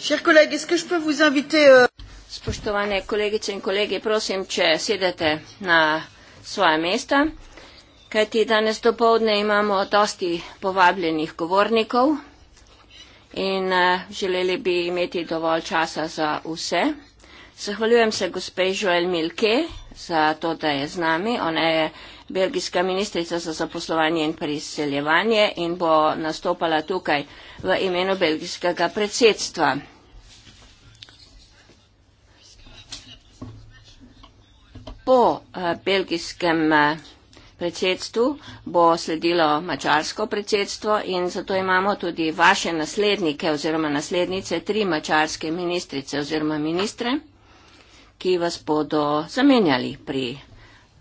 Euh, Spoštovane kolegice in kolegi, prosim, če sedete na svoje mesta, kajti danes do povdne imamo dosti povabljenih govornikov in eh, želeli bi imeti dovolj časa za vse. Zahvaljujem se gospe Joel Milke za to, da je z nami. Ona je belgijska ministrica za zaposlovanje in priseljevanje in bo nastopala tukaj v imenu belgijskega predsedstva. Po eh, belgijskem eh, predsedstvu bo sledilo mačarsko predsedstvo in zato imamo tudi vaše naslednike oziroma naslednice, tri mačarske ministrice oziroma ministre, ki vas bodo zamenjali pri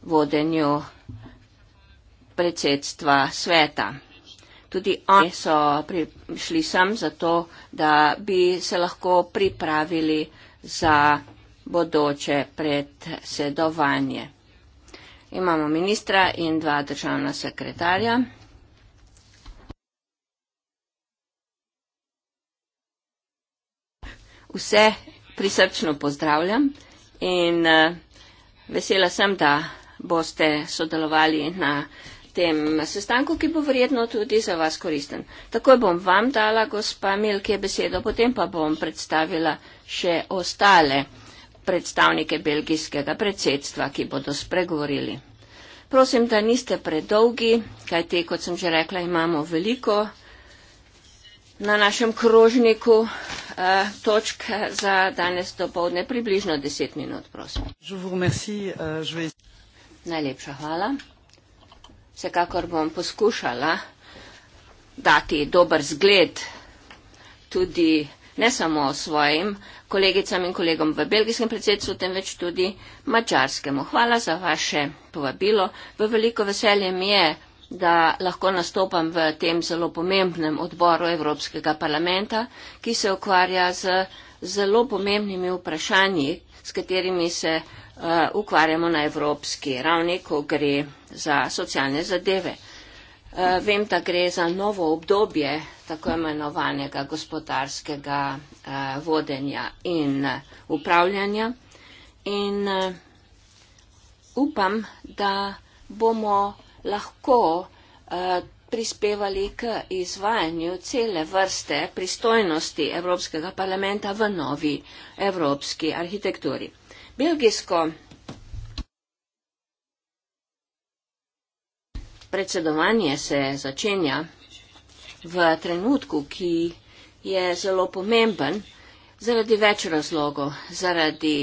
vodenju predsedstva sveta. Tudi oni so prišli sem zato, da bi se lahko pripravili za bodoče predsedovanje. Imamo ministra in dva državna sekretarja. Vse prisrčno pozdravljam in eh, vesela sem, da boste sodelovali na tem sestanku, ki bo vredno tudi za vas koristen. Takoj bom vam dala, gospa Milke, besedo, potem pa bom predstavila še ostale predstavnike belgijskega predsedstva, ki bodo spregovorili. Prosim, da niste predolgi, kajte, kot sem že rekla, imamo veliko na našem krožniku eh, točk za danes do povdne, približno deset minut, prosim. Najlepša hvala. Vsekakor bom poskušala dati dober zgled tudi ne samo svojim kolegicam in kolegom v belgijskem predsedstvu, temveč tudi mačarskemu. Hvala za vaše povabilo. V veliko veselje mi je, da lahko nastopam v tem zelo pomembnem odboru Evropskega parlamenta, ki se ukvarja z zelo pomembnimi vprašanji, s katerimi se uh, ukvarjamo na evropski ravni, ko gre za socialne zadeve. Uh, vem, da gre za novo obdobje tako imenovanega gospodarskega uh, vodenja in uh, upravljanja in uh, upam, da bomo lahko uh, prispevali k izvajanju cele vrste pristojnosti Evropskega parlamenta v novi evropski arhitekturi. Belgijsko predsedovanje se začenja v trenutku, ki je zelo pomemben zaradi več razlogov, zaradi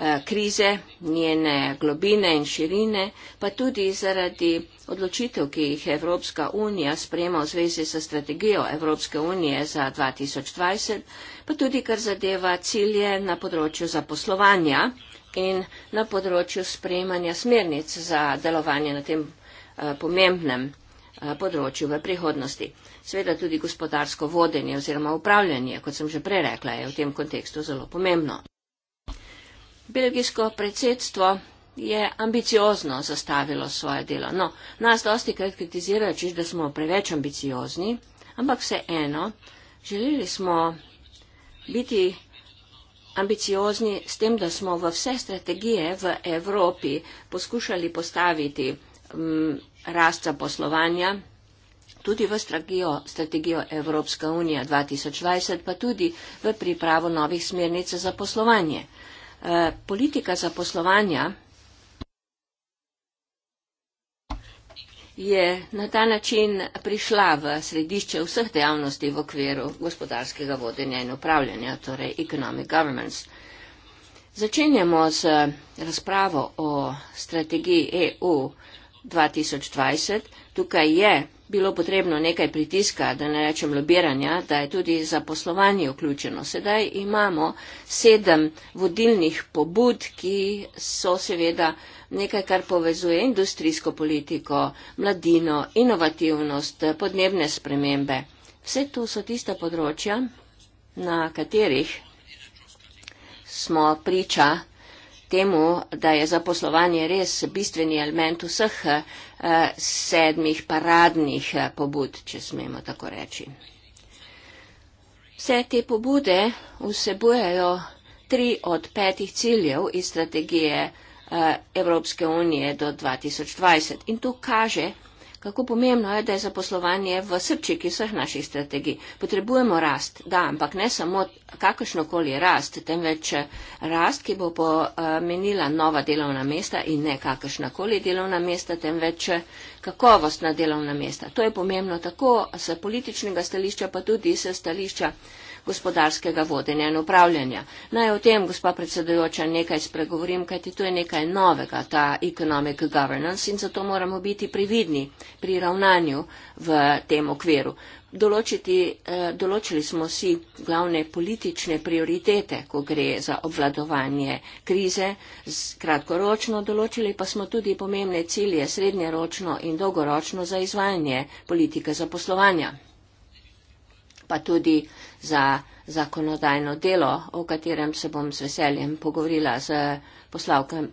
Eh, krize, njene globine in širine, pa tudi zaradi odločitev, ki jih Evropska unija sprema v zvezi sa strategijo Evropske unije za 2020, pa tudi kar zadeva cilje na področju zaposlovanja in na področju sprejemanja smernic za delovanje na tem eh, pomembnem eh, področju v prihodnosti. Sveda tudi gospodarsko vodenje oziroma upravljanje, kot sem že prerekla, je v tem kontekstu zelo pomembno. Belgijsko predsedstvo je ambiciozno zastavilo svoje delo. No, nas dosti krat kritizirajo, češ, da smo preveč ambiciozni, ampak vse eno, želeli smo biti ambiciozni s tem, da smo v vse strategije v Evropi poskušali postaviti m, mm, rast zaposlovanja, tudi v strategijo, strategijo Evropska unija 2020, pa tudi v pripravo novih smernic za poslovanje. Eh, politika zaposlovanja je na ta način prišla v središče vseh dejavnosti v okviru gospodarskega vodenja in upravljanja, torej economic governance. Začenjamo z razpravo o strategiji EU 2020. Tukaj je bilo potrebno nekaj pritiska, da ne rečem lobiranja, da je tudi zaposlovanje vključeno. Sedaj imamo sedem vodilnih pobud, ki so seveda nekaj, kar povezuje industrijsko politiko, mladino, inovativnost, podnebne spremembe. Vse to so tiste področja, na katerih smo priča temu, da je zaposlovanje res bistveni element vseh eh, sedmih paradnih eh, pobud, če smemo tako reči. Vse te pobude vsebujejo tri od petih ciljev iz strategije eh, Evropske unije do 2020 in to kaže, kako pomembno je, da je zaposlovanje v srčiki vseh naših strategij. Potrebujemo rast, da, ampak ne samo kakršnokoli rast, temveč rast, ki bo pomenila nova delovna mesta in ne kakršnakoli delovna mesta, temveč kakovostna delovna mesta. To je pomembno tako z političnega stališča, pa tudi z stališča gospodarskega vodenja in upravljanja. Naj o tem, gospa predsedujoča, nekaj spregovorim, kajti to je nekaj novega, ta economic governance in zato moramo biti prividni pri ravnanju v tem okviru. Določiti, eh, določili smo si glavne politične prioritete, ko gre za obvladovanje krize, kratkoročno določili pa smo tudi pomembne cilje srednjeročno in dolgoročno za izvajanje politike zaposlovanja pa tudi za zakonodajno delo, o katerem se bom z veseljem pogovorila z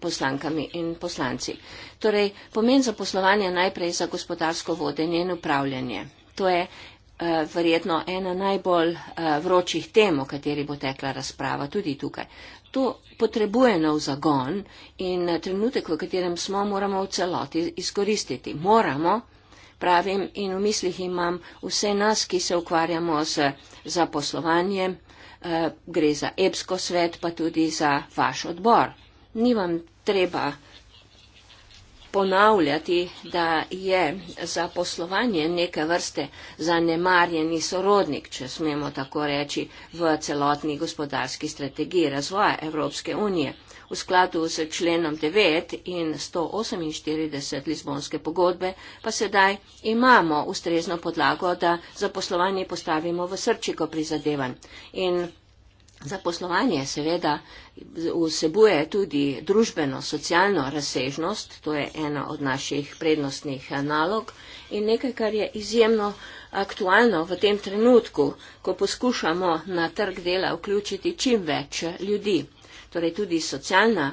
poslankami in poslanci. Torej, pomen zaposlovanja najprej za gospodarsko vodenje in upravljanje. To je eh, verjetno ena najbolj eh, vročih tem, o kateri bo tekla razprava tudi tukaj. To potrebuje nov zagon in eh, trenutek, v katerem smo, moramo v celoti izkoristiti. Moramo, pravim in v mislih imam vse nas, ki se ukvarjamo z zaposlovanjem, eh, gre za EBSKO svet, pa tudi za vaš odbor. Ni vam treba ponavljati, da je zaposlovanje neke vrste zanemarjeni sorodnik, če smemo tako reči, v celotni gospodarski strategiji razvoja Evropske unije v skladu z členom 9 in 148 Lizbonske pogodbe, pa sedaj imamo ustrezno podlago, da zaposlovanje postavimo v srčiko prizadevanj. In zaposlovanje seveda vsebuje tudi družbeno, socialno razsežnost, to je ena od naših prednostnih nalog in nekaj, kar je izjemno aktualno v tem trenutku, ko poskušamo na trg dela vključiti čim več ljudi. Torej tudi socialna,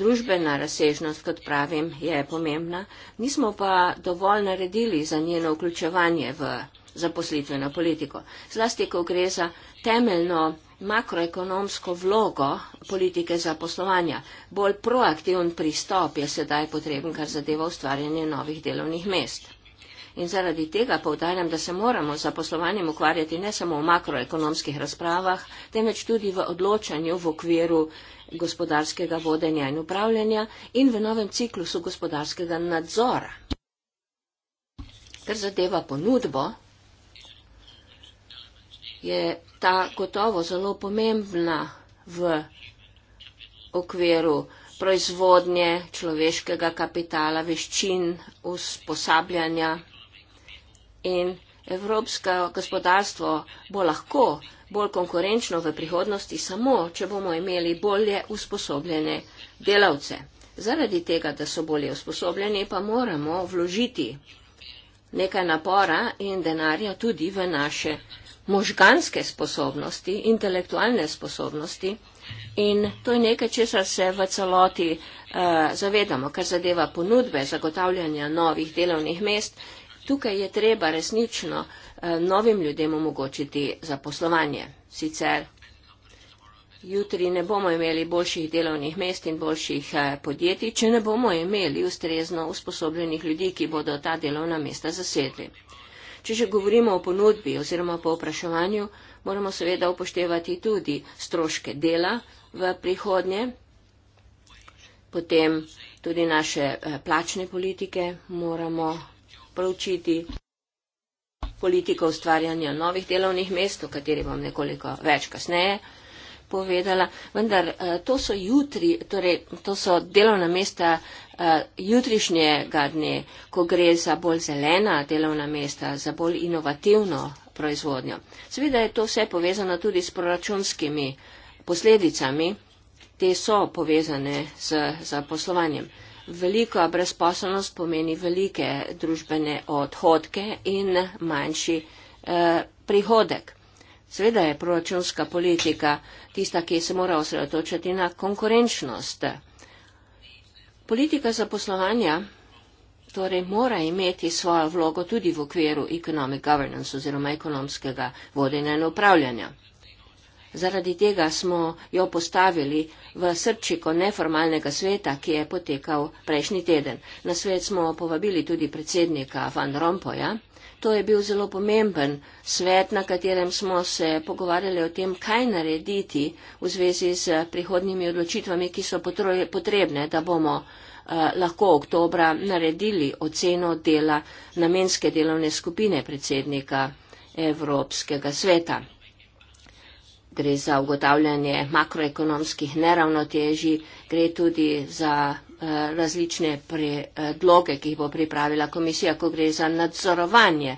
družbena razsežnost, kot pravim, je pomembna. Nismo pa dovolj naredili za njeno vključevanje v zaposlitveno politiko. Zlasti, ko gre za temeljno makroekonomsko vlogo politike zaposlovanja. Bolj proaktivn pristop je sedaj potreben, kar zadeva ustvarjanje novih delovnih mest. In zaradi tega povdarjam, da se moramo za poslovanjem ukvarjati ne samo v makroekonomskih razpravah, temveč tudi v odločanju v okviru gospodarskega vodenja in upravljanja in v novem ciklusu gospodarskega nadzora. Kar zadeva ponudbo, je ta gotovo zelo pomembna v okviru proizvodnje človeškega kapitala, veščin, usposabljanja in evropsko gospodarstvo bo lahko bolj konkurenčno v prihodnosti samo, če bomo imeli bolje usposobljene delavce. Zaradi tega, da so bolje usposobljeni, pa moramo vložiti nekaj napora in denarja tudi v naše možganske sposobnosti, intelektualne sposobnosti in to je nekaj, česar se v celoti uh, zavedamo, kar zadeva ponudbe zagotavljanja novih delovnih mest Tukaj je treba resnično eh, novim ljudem omogočiti zaposlovanje. Sicer jutri ne bomo imeli boljših delovnih mest in boljših eh, podjetij, če ne bomo imeli ustrezno usposobljenih ljudi, ki bodo ta delovna mesta zasedli. Če že govorimo o ponudbi oziroma po opraševanju, moramo seveda upoštevati tudi stroške dela v prihodnje, potem tudi naše eh, plačne politike moramo proučiti politiko ustvarjanja novih delovnih mest, o kateri bom nekoliko več kasneje povedala. Vendar eh, to so, jutri, torej, to so delovna mesta eh, jutrišnjega dne, ko gre za bolj zelena delovna mesta, za bolj inovativno proizvodnjo. Seveda je to vse povezano tudi s proračunskimi posledicami, te so povezane z, z poslovanjem. Velika brezposobnost pomeni velike družbene odhodke in manjši eh, prihodek. Sveda je proračunska politika tista, ki se mora osredotočiti na konkurenčnost. Politika zaposlovanja torej mora imeti svojo vlogo tudi v okviru economic governance oziroma ekonomskega vodenja in upravljanja. Zaradi tega smo jo postavili v srčiko neformalnega sveta, ki je potekal prejšnji teden. Na svet smo povabili tudi predsednika Van Rompoja. To je bil zelo pomemben svet, na katerem smo se pogovarjali o tem, kaj narediti v zvezi z prihodnimi odločitvami, ki so potrebne, da bomo eh, lahko oktobra naredili oceno dela namenske delovne skupine predsednika Evropskega sveta gre za ugotavljanje makroekonomskih neravnoteži, gre tudi za eh, različne predloge, ki jih bo pripravila komisija, ko gre za nadzorovanje.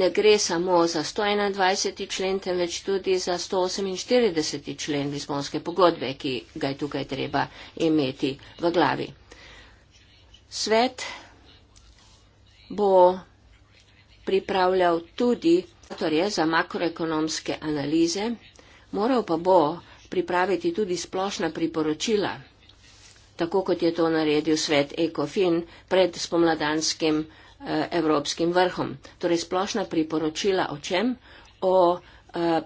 Ne gre samo za 121. člen, temveč tudi za 148. člen Lizbonske pogodbe, ki ga je tukaj treba imeti v glavi. Svet bo pripravljal tudi torej za makroekonomske analize, Moral pa bo pripraviti tudi splošna priporočila, tako kot je to naredil svet ECOFIN pred spomladanskim eh, evropskim vrhom. Torej splošna priporočila o čem? O eh,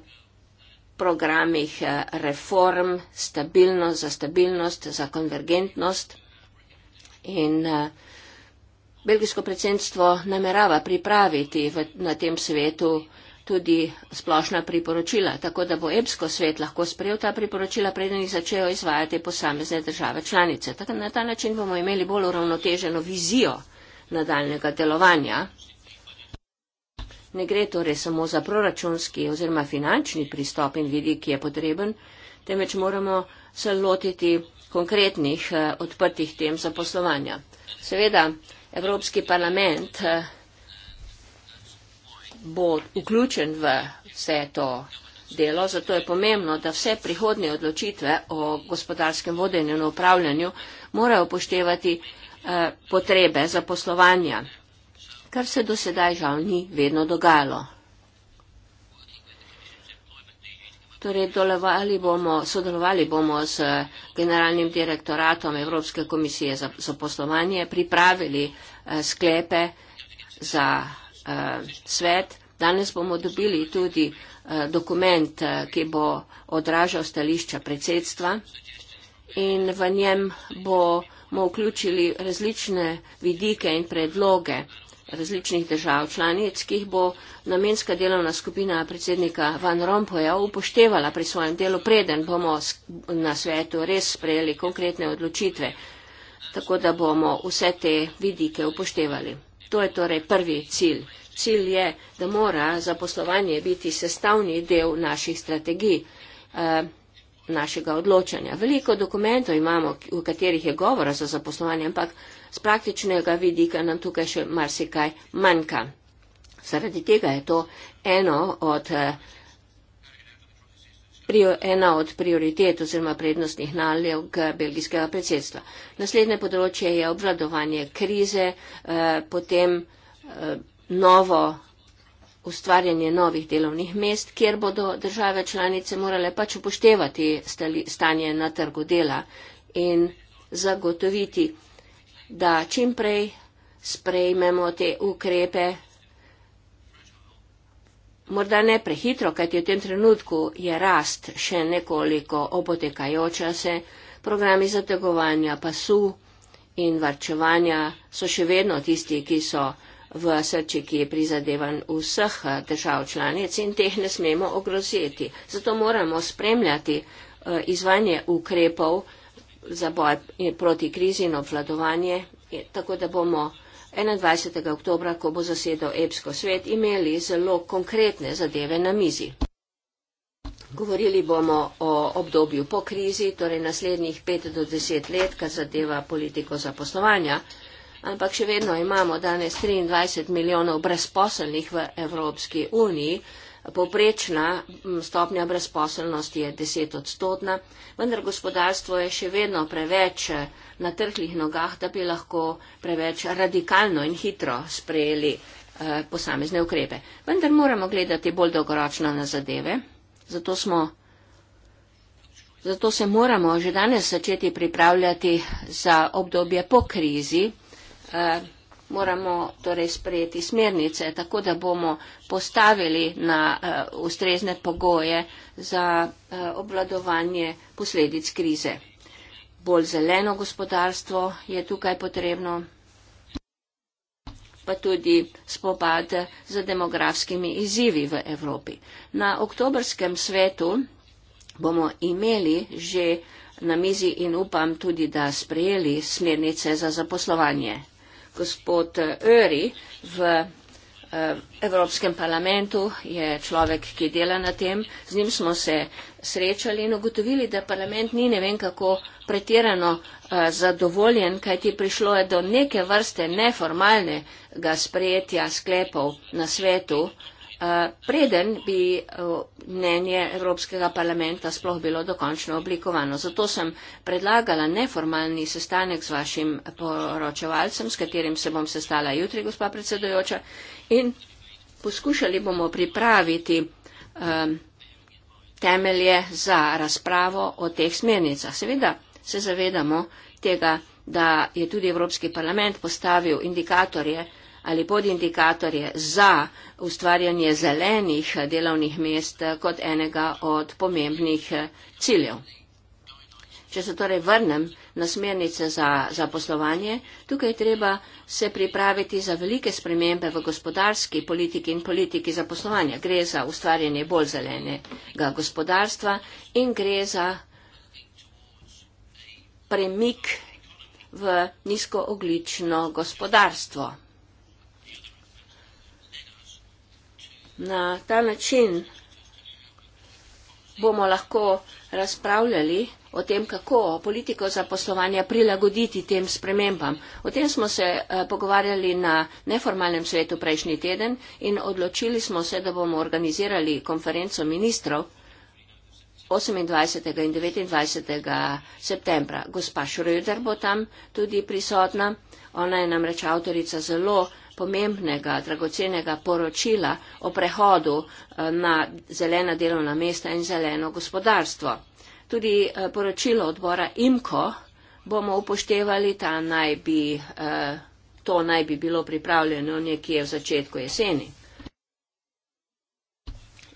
programih eh, reform stabilnost, za stabilnost, za konvergentnost. In eh, belgijsko predsedstvo namerava pripraviti v, na tem svetu eh, tudi splošna priporočila, tako da bo Epsko svet lahko sprejel ta priporočila, preden jih začejo izvajati posamezne države članice. Tako na ta način bomo imeli bolj uravnoteženo vizijo nadaljnega delovanja. Ne gre torej samo za proračunski oziroma finančni pristop in vidi, ki je potreben, temveč moramo se lotiti konkretnih eh, odprtih tem zaposlovanja. Seveda, Evropski parlament eh, bo vključen v vse to delo, zato je pomembno, da vse prihodnje odločitve o gospodarskem vodenju in upravljanju morajo upoštevati eh, potrebe za poslovanja, kar se do sedaj žal ni vedno dogajalo. Torej, dolevali bomo, sodelovali bomo z generalnim direktoratom Evropske komisije za, za poslovanje, pripravili eh, sklepe za uh, svet. Danes bomo dobili tudi uh, dokument, uh, ki bo odražal stališča predsedstva in v njem bomo vključili različne vidike in predloge različnih držav članic, ki jih bo namenska delovna skupina predsednika Van Rompuyja upoštevala pri svojem delu, preden bomo na svetu res sprejeli konkretne odločitve, tako da bomo vse te vidike upoštevali. To je torej prvi cilj. Cilj je, da mora zaposlovanje biti sestavni del naših strategij, eh, našega odločanja. Veliko dokumentov imamo, v katerih je govora za zaposlovanje, ampak z praktičnega vidika nam tukaj še marsikaj manjka. Zaradi tega je to eno od eh, ena od prioritet oziroma prednostnih nalog belgijskega predsedstva. Naslednje področje je obvladovanje krize, eh, potem eh, novo ustvarjanje novih delovnih mest, kjer bodo države članice morale pač upoštevati stanje na trgu dela in zagotoviti, da čimprej sprejmemo te ukrepe, Morda ne prehitro, kajti v tem trenutku je rast še nekoliko opotekajoča se, programi zategovanja pasu in varčevanja so še vedno tisti, ki so v srči, ki je prizadevan vseh držav članic in teh ne smemo ogroziti. Zato moramo spremljati eh, izvanje ukrepov za boj proti krizi in obvladovanje, tako da bomo 21. oktober, ko bo zasedal Epsko svet, imeli zelo konkretne zadeve na mizi. Govorili bomo o obdobju po krizi, torej naslednjih 5 do 10 let, kar zadeva politiko zaposlovanja, ampak še vedno imamo danes 23 milijonov brezposelnih v Evropski uniji. Poprečna stopnja brezposelnosti je 10 odstotna, vendar gospodarstvo je še vedno preveč na trhlih nogah, da bi lahko preveč radikalno in hitro sprejeli eh, posamezne ukrepe. Vendar moramo gledati bolj dolgoročno na zadeve, zato, smo, zato se moramo že danes začeti pripravljati za obdobje po krizi. Eh, moramo torej sprejeti smernice, tako da bomo postavili na uh, ustrezne pogoje za uh, obvladovanje posledic krize bolj zeleno gospodarstvo je tukaj potrebno, pa tudi spopad z demografskimi izzivi v Evropi. Na oktobrskem svetu bomo imeli že na mizi in upam tudi, da sprejeli smernice za zaposlovanje. Gospod Öri v eh, Evropskem parlamentu je človek, ki dela na tem. Z njim smo se srečali in ugotovili, da parlament ni ne vem kako pretirano uh, zadovoljen, kajti prišlo je do neke vrste neformalnega sprejetja sklepov na svetu, uh, preden bi uh, mnenje Evropskega parlamenta sploh bilo dokončno oblikovano. Zato sem predlagala neformalni sestanek z vašim poročevalcem, s katerim se bom sestala jutri, gospa predsedojoča, in poskušali bomo pripraviti um, temelje za razpravo o teh smernicah. Seveda se zavedamo tega, da je tudi Evropski parlament postavil indikatorje ali podindikatorje za ustvarjanje zelenih delovnih mest kot enega od pomembnih ciljev. Če se torej vrnem na smernice za, za poslovanje. Tukaj treba se pripraviti za velike spremembe v gospodarski politiki in politiki za poslovanje. Gre za ustvarjanje bolj zelenega gospodarstva in gre za premik v nizkooglično gospodarstvo. Na ta način bomo lahko razpravljali o tem, kako politiko zaposlovanja prilagoditi tem spremembam. O tem smo se eh, pogovarjali na neformalnem svetu prejšnji teden in odločili smo se, da bomo organizirali konferenco ministrov 28. in 29. septembra. Gospa Šröder bo tam tudi prisotna. Ona je namreč avtorica zelo pomembnega, dragocenega poročila o prehodu eh, na zelena delovna mesta in zeleno gospodarstvo. Tudi eh, poročilo odbora IMKO bomo upoštevali, da naj bi eh, to naj bi bilo pripravljeno nekje v začetku jeseni.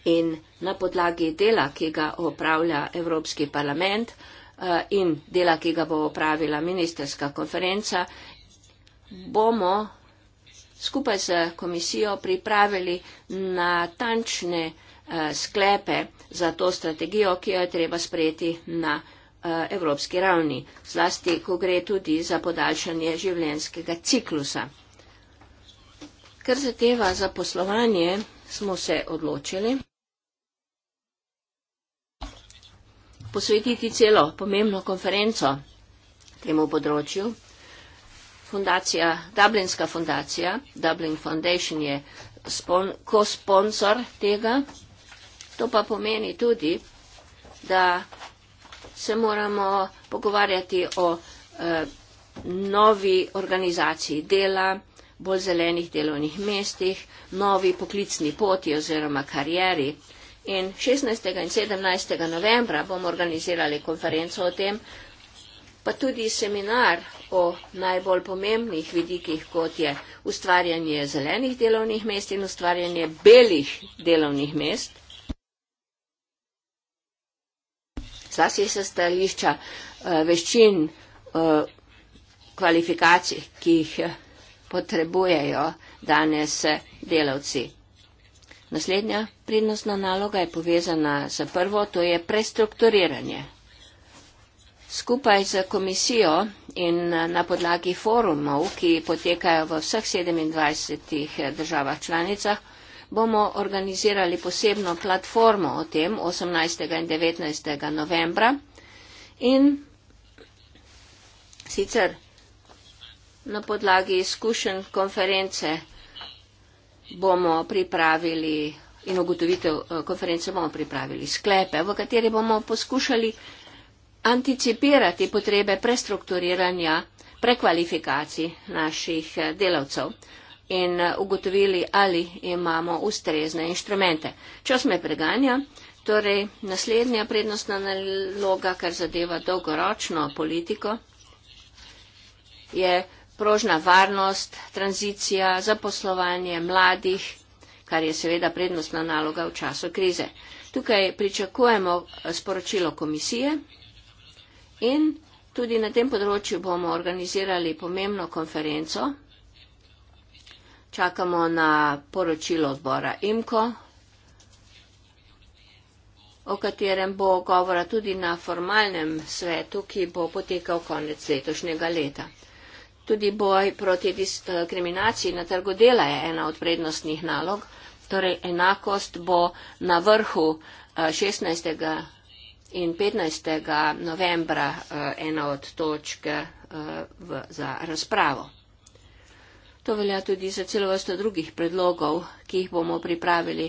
In na podlagi dela, ki ga opravlja Evropski parlament eh, in dela, ki ga bo opravila ministerska konferenca, bomo skupaj z komisijo pripravili natančne Eh, sklepe za to strategijo, ki jo je treba sprejeti na eh, evropski ravni, zlasti, ko gre tudi za podaljšanje življenskega ciklusa. Ker zadeva za poslovanje, smo se odločili posvetiti celo pomembno konferenco temu področju. Fundacija, Dublinska fundacija, Dublin Foundation je kosponsor tega To pa pomeni tudi, da se moramo pogovarjati o eh, novi organizaciji dela, bolj zelenih delovnih mestih, novi poklicni poti oziroma karieri. In 16. in 17. novembra bomo organizirali konferenco o tem, pa tudi seminar o najbolj pomembnih vidikih, kot je ustvarjanje zelenih delovnih mest in ustvarjanje belih delovnih mest. zlasti se stališča eh, veščin, eh, kvalifikacij, ki jih eh, potrebujejo danes delavci. Naslednja prednostna naloga je povezana z prvo, to je prestrukturiranje. Skupaj z komisijo in na podlagi forumov, ki potekajo v vseh 27 državah članicah, bomo organizirali posebno platformo o tem 18. in 19. novembra in sicer na podlagi izkušenj konference bomo pripravili in ugotovitev eh, konference bomo pripravili sklepe, v kateri bomo poskušali anticipirati potrebe prestrukturiranja prekvalifikacij naših eh, delavcev in eh, ugotovili, ali imamo ustrezne inštrumente. Čas me preganja, torej naslednja prednostna naloga, kar zadeva dolgoročno politiko, je prožna varnost, tranzicija, zaposlovanje mladih, kar je seveda prednostna naloga v času krize. Tukaj pričakujemo eh, sporočilo komisije in tudi na tem področju bomo organizirali pomembno konferenco čakamo na poročilo odbora IMKO, o katerem bo govora tudi na formalnem svetu, ki bo potekal konec letošnjega leta. Tudi boj proti diskriminaciji eh, na trgu dela je ena od prednostnih nalog, torej enakost bo na vrhu 16. Eh, in 15. novembra eh, ena od točk za razpravo. To velja tudi za celo vrsto drugih predlogov, ki jih bomo pripravili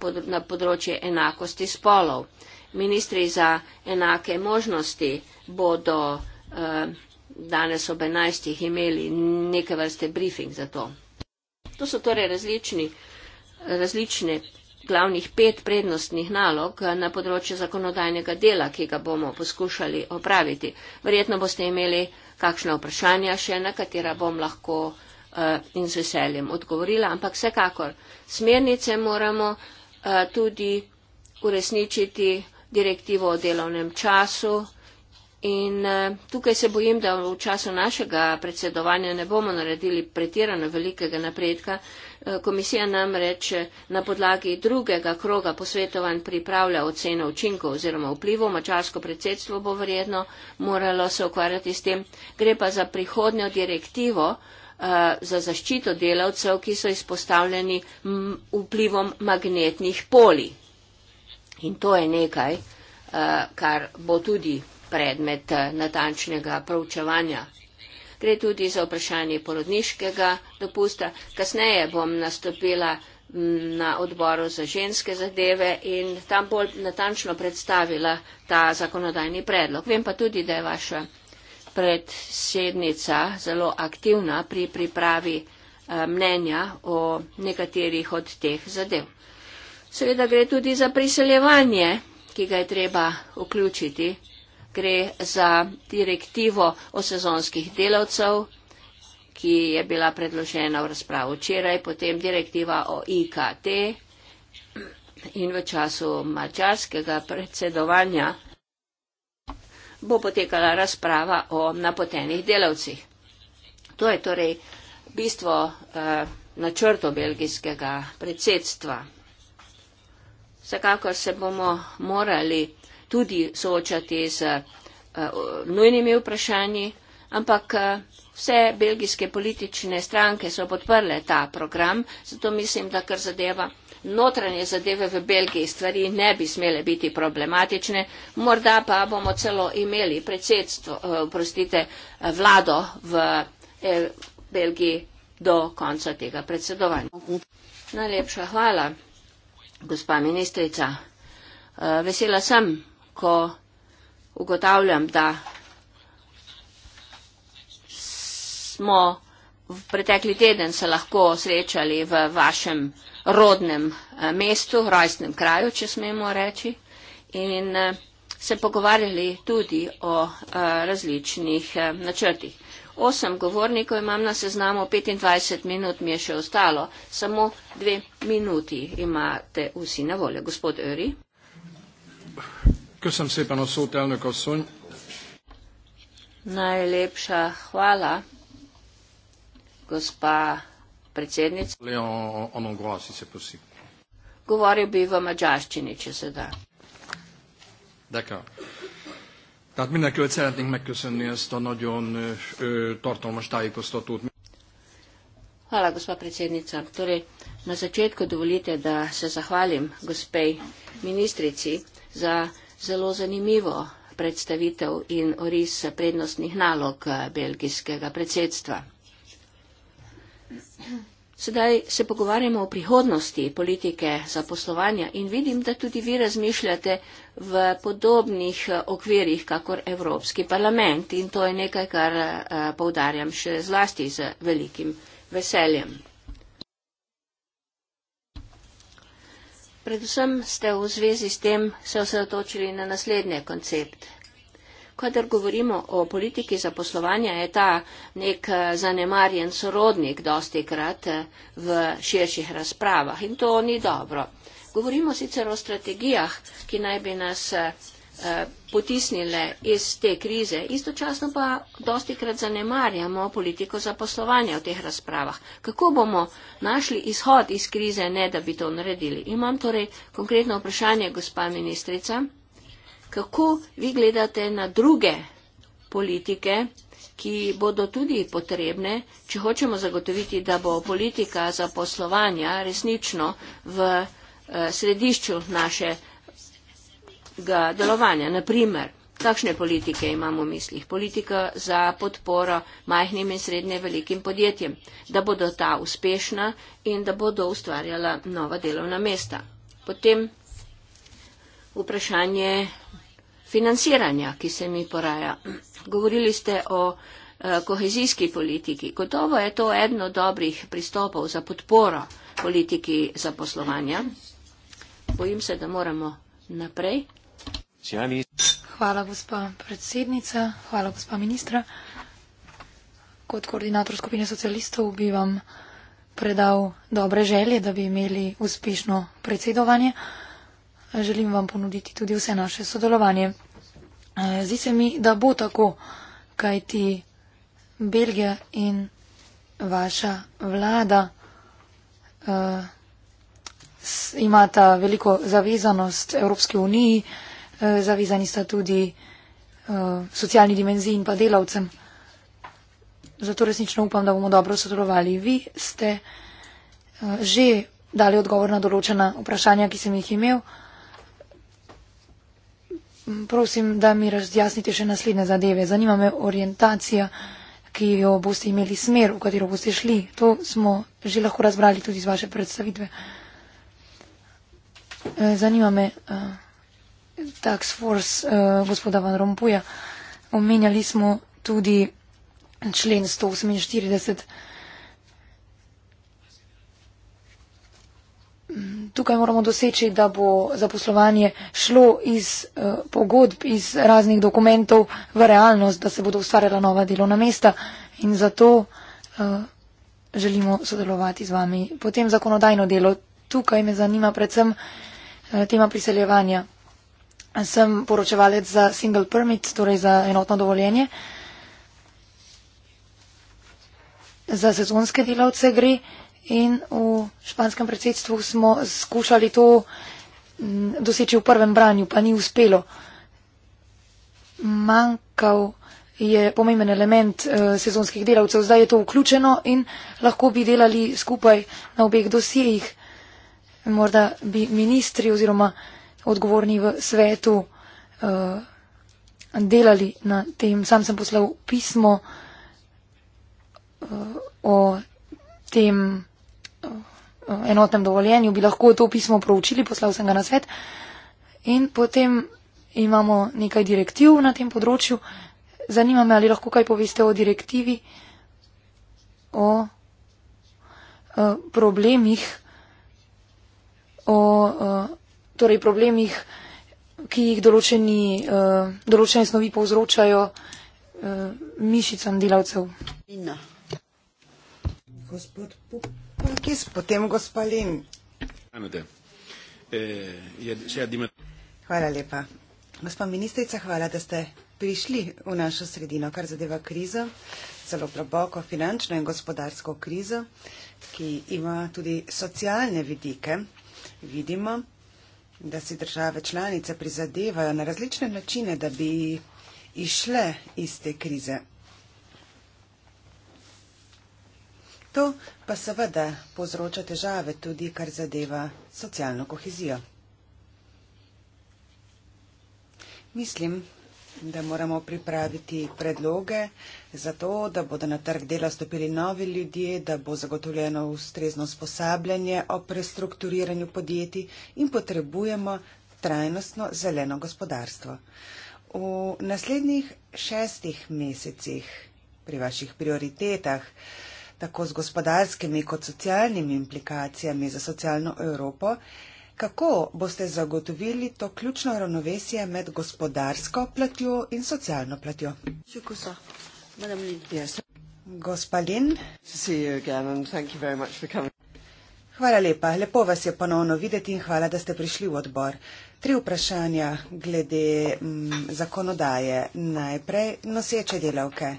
pod, na področje enakosti spolov. Ministri za enake možnosti bodo eh, danes ob 11. imeli neke vrste briefing za to. To so torej različni, različne glavnih pet prednostnih nalog na področju zakonodajnega dela, ki ga bomo poskušali opraviti. Verjetno boste imeli kakšna vprašanja še, na katera bom lahko. Eh, in z veseljem odgovorila, ampak vsekakor smernice moramo eh, tudi uresničiti direktivo o delovnem času in eh, tukaj se bojim, da v času našega predsedovanja ne bomo naredili pretirano velikega napredka. Komisija namreč na podlagi drugega kroga posvetovanj pripravlja oceno učinkov oziroma vplivov. Mačarsko predsedstvo bo verjetno moralo se ukvarjati s tem. Gre pa za prihodnjo direktivo, Eh, za zaščito delavcev, ki so izpostavljeni vplivom magnetnih poli. In to je nekaj, eh, kar bo tudi predmet eh, natančnega proučevanja. Gre tudi za vprašanje porodniškega dopusta. Kasneje bom nastopila na odboru za ženske zadeve in tam bolj natančno predstavila ta zakonodajni predlog. Vem pa tudi, da je vaša predsednica zelo aktivna pri pripravi eh, mnenja o nekaterih od teh zadev. Seveda gre tudi za priseljevanje, ki ga je treba vključiti. Gre za direktivo o sezonskih delavcev, ki je bila predložena v razpravo včeraj, potem direktiva o IKT in v času mačarskega predsedovanja bo potekala razprava o napotenih delavcih. To je torej bistvo eh, načrto belgijskega predsedstva. Vsekakor se bomo morali tudi soočati z eh, nujnimi vprašanji, ampak eh, vse belgijske politične stranke so podprle ta program, zato mislim, da kar zadeva notranje zadeve v Belgiji stvari ne bi smele biti problematične, morda pa bomo celo imeli predsedstvo, eh, prostite, eh, vlado v eh, Belgiji do konca tega predsedovanja. Najlepša hvala, gospa ministrica. Vesela sem, ko ugotavljam, da smo v pretekli teden se lahko srečali v vašem rodnem eh, mestu, rojstnem kraju, če smemo reči. In eh, se pogovarjali tudi o eh, različnih načrtih. Osem govornikov imam na seznamu, 25 minut mi je še ostalo, samo dve minuti imate vsi na voljo. Gospod Öri. Ker sem se pa nosil telno kosunj. Najlepša hvala, gospa predsednica. Govoril bi v mađarščini, če se da. Tehát mindenkivel szeretnénk megköszönni ezt a nagyon ö, tartalmas tájékoztatót. Hála, gospa predsednica. Torej, na začetku dovolite, da se zahvalim gospej ministrici za zelo zanimivo predstavitev in oris prednostnih nalog eh, belgijskega predsedstva. Sedaj se pogovarjamo o prihodnosti politike zaposlovanja in vidim, da tudi vi razmišljate v podobnih eh, okvirih, kakor Evropski parlament in to je nekaj, kar eh, poudarjam še zlasti z velikim veseljem. Predvsem ste v zvezi s tem se osredotočili na naslednje koncept kadar govorimo o politiki zaposlovanja, je ta nek eh, zanemarjen sorodnik dosti krat eh, v širših razpravah in to ni dobro. Govorimo sicer o strategijah, ki naj bi nas eh, potisnile iz te krize, istočasno pa dosti krat zanemarjamo politiko zaposlovanja v teh razpravah. Kako bomo našli izhod iz krize, ne da bi to naredili? Imam torej konkretno vprašanje, gospa ministrica kako vi gledate na druge politike, ki bodo tudi potrebne, če hočemo zagotoviti, da bo politika zaposlovanja resnično v eh, središču našega delovanja. Naprimer, kakšne politike imamo v mislih? Politika za podporo majhnim in srednje velikim podjetjem, da bodo ta uspešna in da bodo ustvarjala nova delovna mesta. Potem vprašanje financiranja, ki se mi poraja. Govorili ste o eh, kohezijski politiki. Gotovo je to eno dobrih pristopov za podporo politiki za poslovanja. Bojim se, da moramo naprej. Hvala, gospa predsednica. Hvala, gospa ministra. Kot koordinator skupine socialistov bi vam predal dobre želje, da bi imeli uspešno predsedovanje želim vam ponuditi tudi vse naše sodelovanje. Eh, Zdi se mi, da bo tako, kajti Belgija in vaša vlada uh, imata veliko zavezanost Evropske uniji, uh, zavezani sta tudi uh, socialni dimenziji in pa delavcem. Zato resnično upam, da bomo dobro sodelovali. Vi ste uh, že dali odgovor na določena vprašanja, ki sem jih imel. Uh, prosim, da mi razjasnite še naslednje zadeve. Zanima me orientacija, ki jo boste imeli smer, v katero boste šli. To smo že lahko razbrali tudi iz vaše predstavitve. Eh, zanima me uh, tax force uh, gospoda Van Rompuja. Omenjali smo tudi člen 148. tukaj moramo doseči, da bo zaposlovanje šlo iz eh, pogodb, iz raznih dokumentov v realnost, da se bodo ustvarjala nova delovna mesta in zato eh, želimo sodelovati z vami. Potem zakonodajno delo. Tukaj me zanima predvsem eh, tema priseljevanja. Sem poročevalec za single permit, torej za enotno dovoljenje. Za sezonske delavce gre. Eh, in v španskem predsedstvu smo skušali to mm, doseči v prvem branju, pa ni uspelo. Mankal je pomemben element eh, sezonskih delavcev, zdaj je to vključeno in lahko bi delali skupaj na obeh dosijih. Morda bi ministri oziroma odgovorni v svetu eh, delali na tem. Sam sem poslal pismo eh, o tem Eh, enotnem dovoljenju, bi lahko to pismo proučili, poslal sem ga na svet. In potem imamo nekaj direktiv na tem področju. Zanima me, ali lahko kaj poveste o direktivi, o, o eh, problemih, o, o eh, torej problemih, ki jih določeni, o, določene snovi povzročajo o, mišicam delavcev. Gospod Pup. Pinkis, potem gospa Lin. E, hvala lepa. Gospa ministrica, hvala, da ste prišli v našo sredino, kar zadeva krizo, zelo globoko finančno in gospodarsko krizo, ki ima tudi socialne vidike. Vidimo, da si države članice prizadevajo na različne načine, da bi išle iz te krize. To pa seveda povzroča težave tudi, kar zadeva socialno kohezijo. Mislim, da moramo pripraviti predloge za to, da bodo na trg dela stopili novi ljudje, da bo zagotovljeno ustrezno usposabljanje o prestrukturiranju podjetij in potrebujemo trajnostno zeleno gospodarstvo. V naslednjih šestih mesecih pri vaših prioritetah tako z gospodarskimi kot socialnimi implikacijami za socialno Evropo, kako boste zagotovili to ključno ravnovesje med gospodarsko platjo in socialno platjo? Hvala lepa, lepo vas je ponovno videti in hvala, da ste prišli v odbor. Tri vprašanja glede m, mm, zakonodaje. Najprej noseče delavke.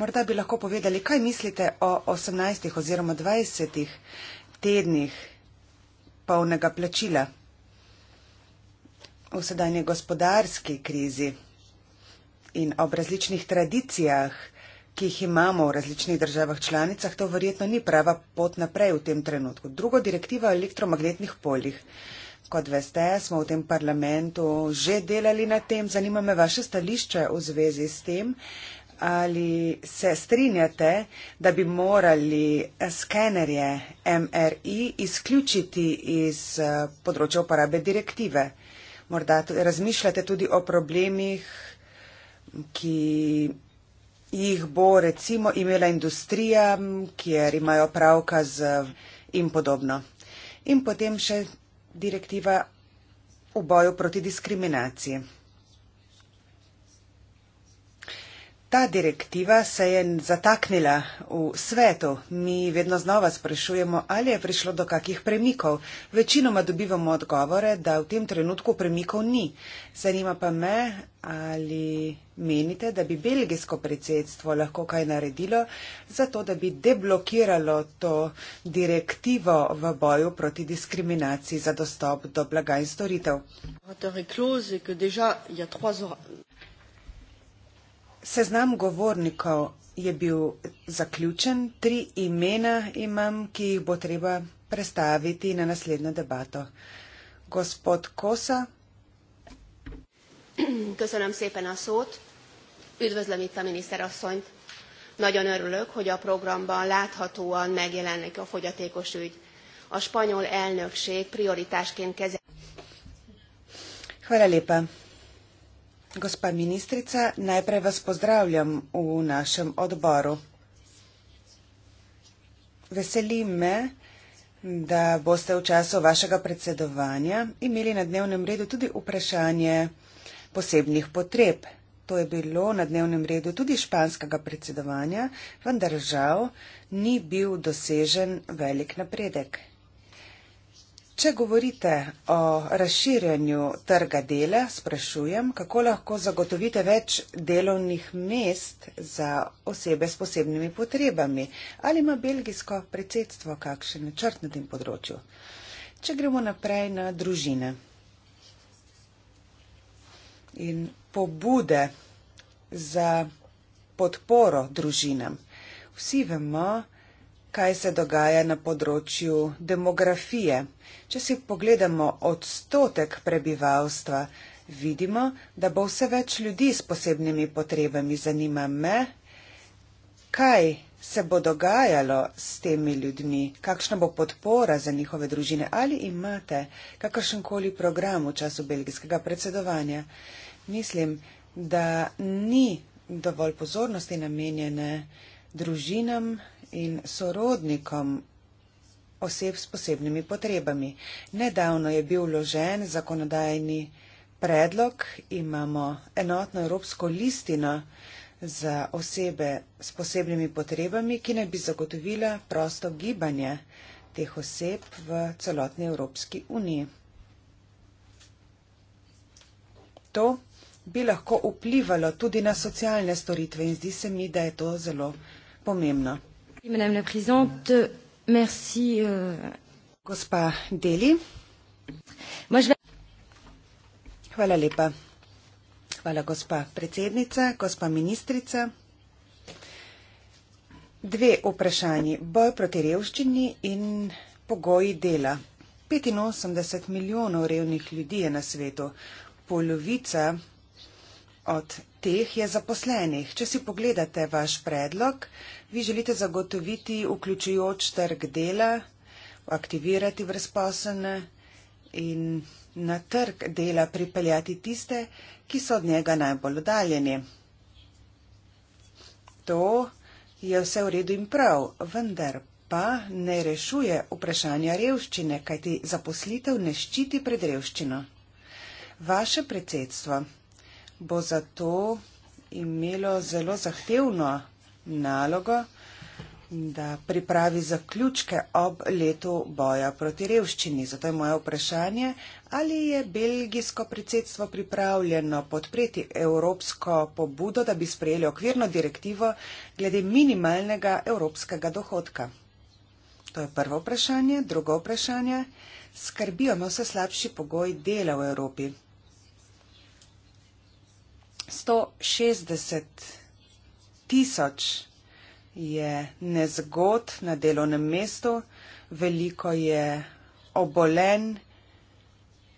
Morda bi lahko povedali, kaj mislite o 18 oziroma 20 tednih polnega plačila v sedanji gospodarski krizi in ob različnih tradicijah, ki jih imamo v različnih državah članicah, to verjetno ni prava pot naprej v tem trenutku. Drugo direktiva o elektromagnetnih poljih. Kot veste, smo v tem parlamentu že delali na tem. Zanima me vaše stališče v zvezi s tem ali se strinjate, da bi morali skenerje MRI izključiti iz eh, področja uporabe direktive? Morda razmišljate tudi o problemih, ki jih bo recimo imela industrija, kjer imajo pravka z in podobno. In potem še direktiva v boju proti diskriminaciji. Ta direktiva se je zataknila v svetu. Mi vedno znova sprašujemo, ali je prišlo do kakih premikov. Večinoma dobivamo odgovore, da v tem trenutku premikov ni. Zanima pa me, ali menite, da bi belgijsko predsedstvo lahko kaj naredilo za to, da bi deblokiralo to direktivo v boju proti diskriminaciji za dostop do blaga in storitev. Seznam govornikov je bil zaključen, tri imena imam, ki jih bo treba predstaviti na naslednjo debato. Gospod Kosa. Köszönöm szépen a szót. Üdvözlöm itt a miniszterasszonyt. Nagyon örülök, hogy a programban láthatóan megjelenik a fogyatékos ügy. A spanyol elnökség prioritásként kezel. Hvala lépa. Gospa ministrica, najprej vas pozdravljam v našem odboru. Veseli me, da boste v času vašega predsedovanja imeli na dnevnem redu tudi vprašanje posebnih potreb. To je bilo na dnevnem redu tudi španskega predsedovanja, vendar žal ni bil dosežen velik napredek. Če govorite o razširjanju trga dela, sprašujem, kako lahko zagotovite več delovnih mest za osebe s posebnimi potrebami. Ali ima belgijsko predsedstvo kakšen načrt na tem področju? Če gremo naprej na družine in pobude za podporo družinam. Vsi vemo, kaj se dogaja na področju demografije. Če si pogledamo odstotek prebivalstva, vidimo, da bo vse več ljudi s posebnimi potrebami. Zanima me, kaj se bo dogajalo s temi ljudmi, kakšna bo podpora za njihove družine ali imate kakršenkoli program v času belgijskega predsedovanja. Mislim, da ni dovolj pozornosti namenjene družinam, in sorodnikom oseb s posebnimi potrebami. Nedavno je bil vložen zakonodajni predlog, imamo enotno evropsko listino za osebe s posebnimi potrebami, ki ne bi zagotovila prosto gibanje teh oseb v celotni Evropski uniji. To bi lahko vplivalo tudi na socialne storitve in zdi se mi, da je to zelo pomembno. Madame la Présidente, merci. Euh... Gospa Deli. Moi, je... Hvala lepa. Hvala, gospa predsednica, gospa ministrica. Dve vprašanji. Boj proti revščini in pogoji dela. 85 milijonov revnih ljudi je na svetu. Polovica od teh je zaposlenih. Če si pogledate vaš predlog, Vi želite zagotoviti vključujoč trg dela, aktivirati brezposelne in na trg dela pripeljati tiste, ki so od njega najbolj oddaljeni. To je vse v redu in prav, vendar pa ne rešuje vprašanja revščine, kajti zaposlitev ne ščiti pred revščino. Vaše predsedstvo bo zato imelo zelo zahtevno nalogo, da pripravi zaključke ob letu boja proti revščini. Zato je moje vprašanje, ali je belgijsko predsedstvo pripravljeno podpreti evropsko pobudo, da bi sprejeli okvirno direktivo glede minimalnega evropskega dohodka. To je prvo vprašanje. Drugo vprašanje. Skrbijo me vse slabši pogoj dela v Evropi. 160 tisoč je nezgod na delovnem mestu, veliko je obolen,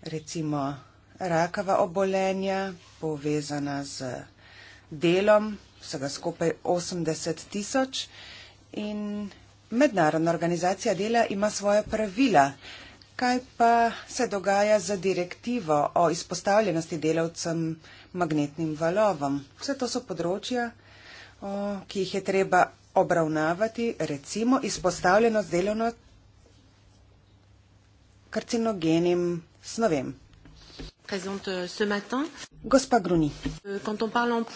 recimo rakava obolenja povezana z delom, vsega skupaj 80 tisoč in mednarodna organizacija dela ima svoje pravila. Kaj pa se dogaja z direktivo o izpostavljenosti delavcem magnetnim valovom? Vse to so področja, ki jih je treba obravnavati, recimo izpostavljenost delovno karcinogenim snovem. Euh, Gospa Gruni. Euh,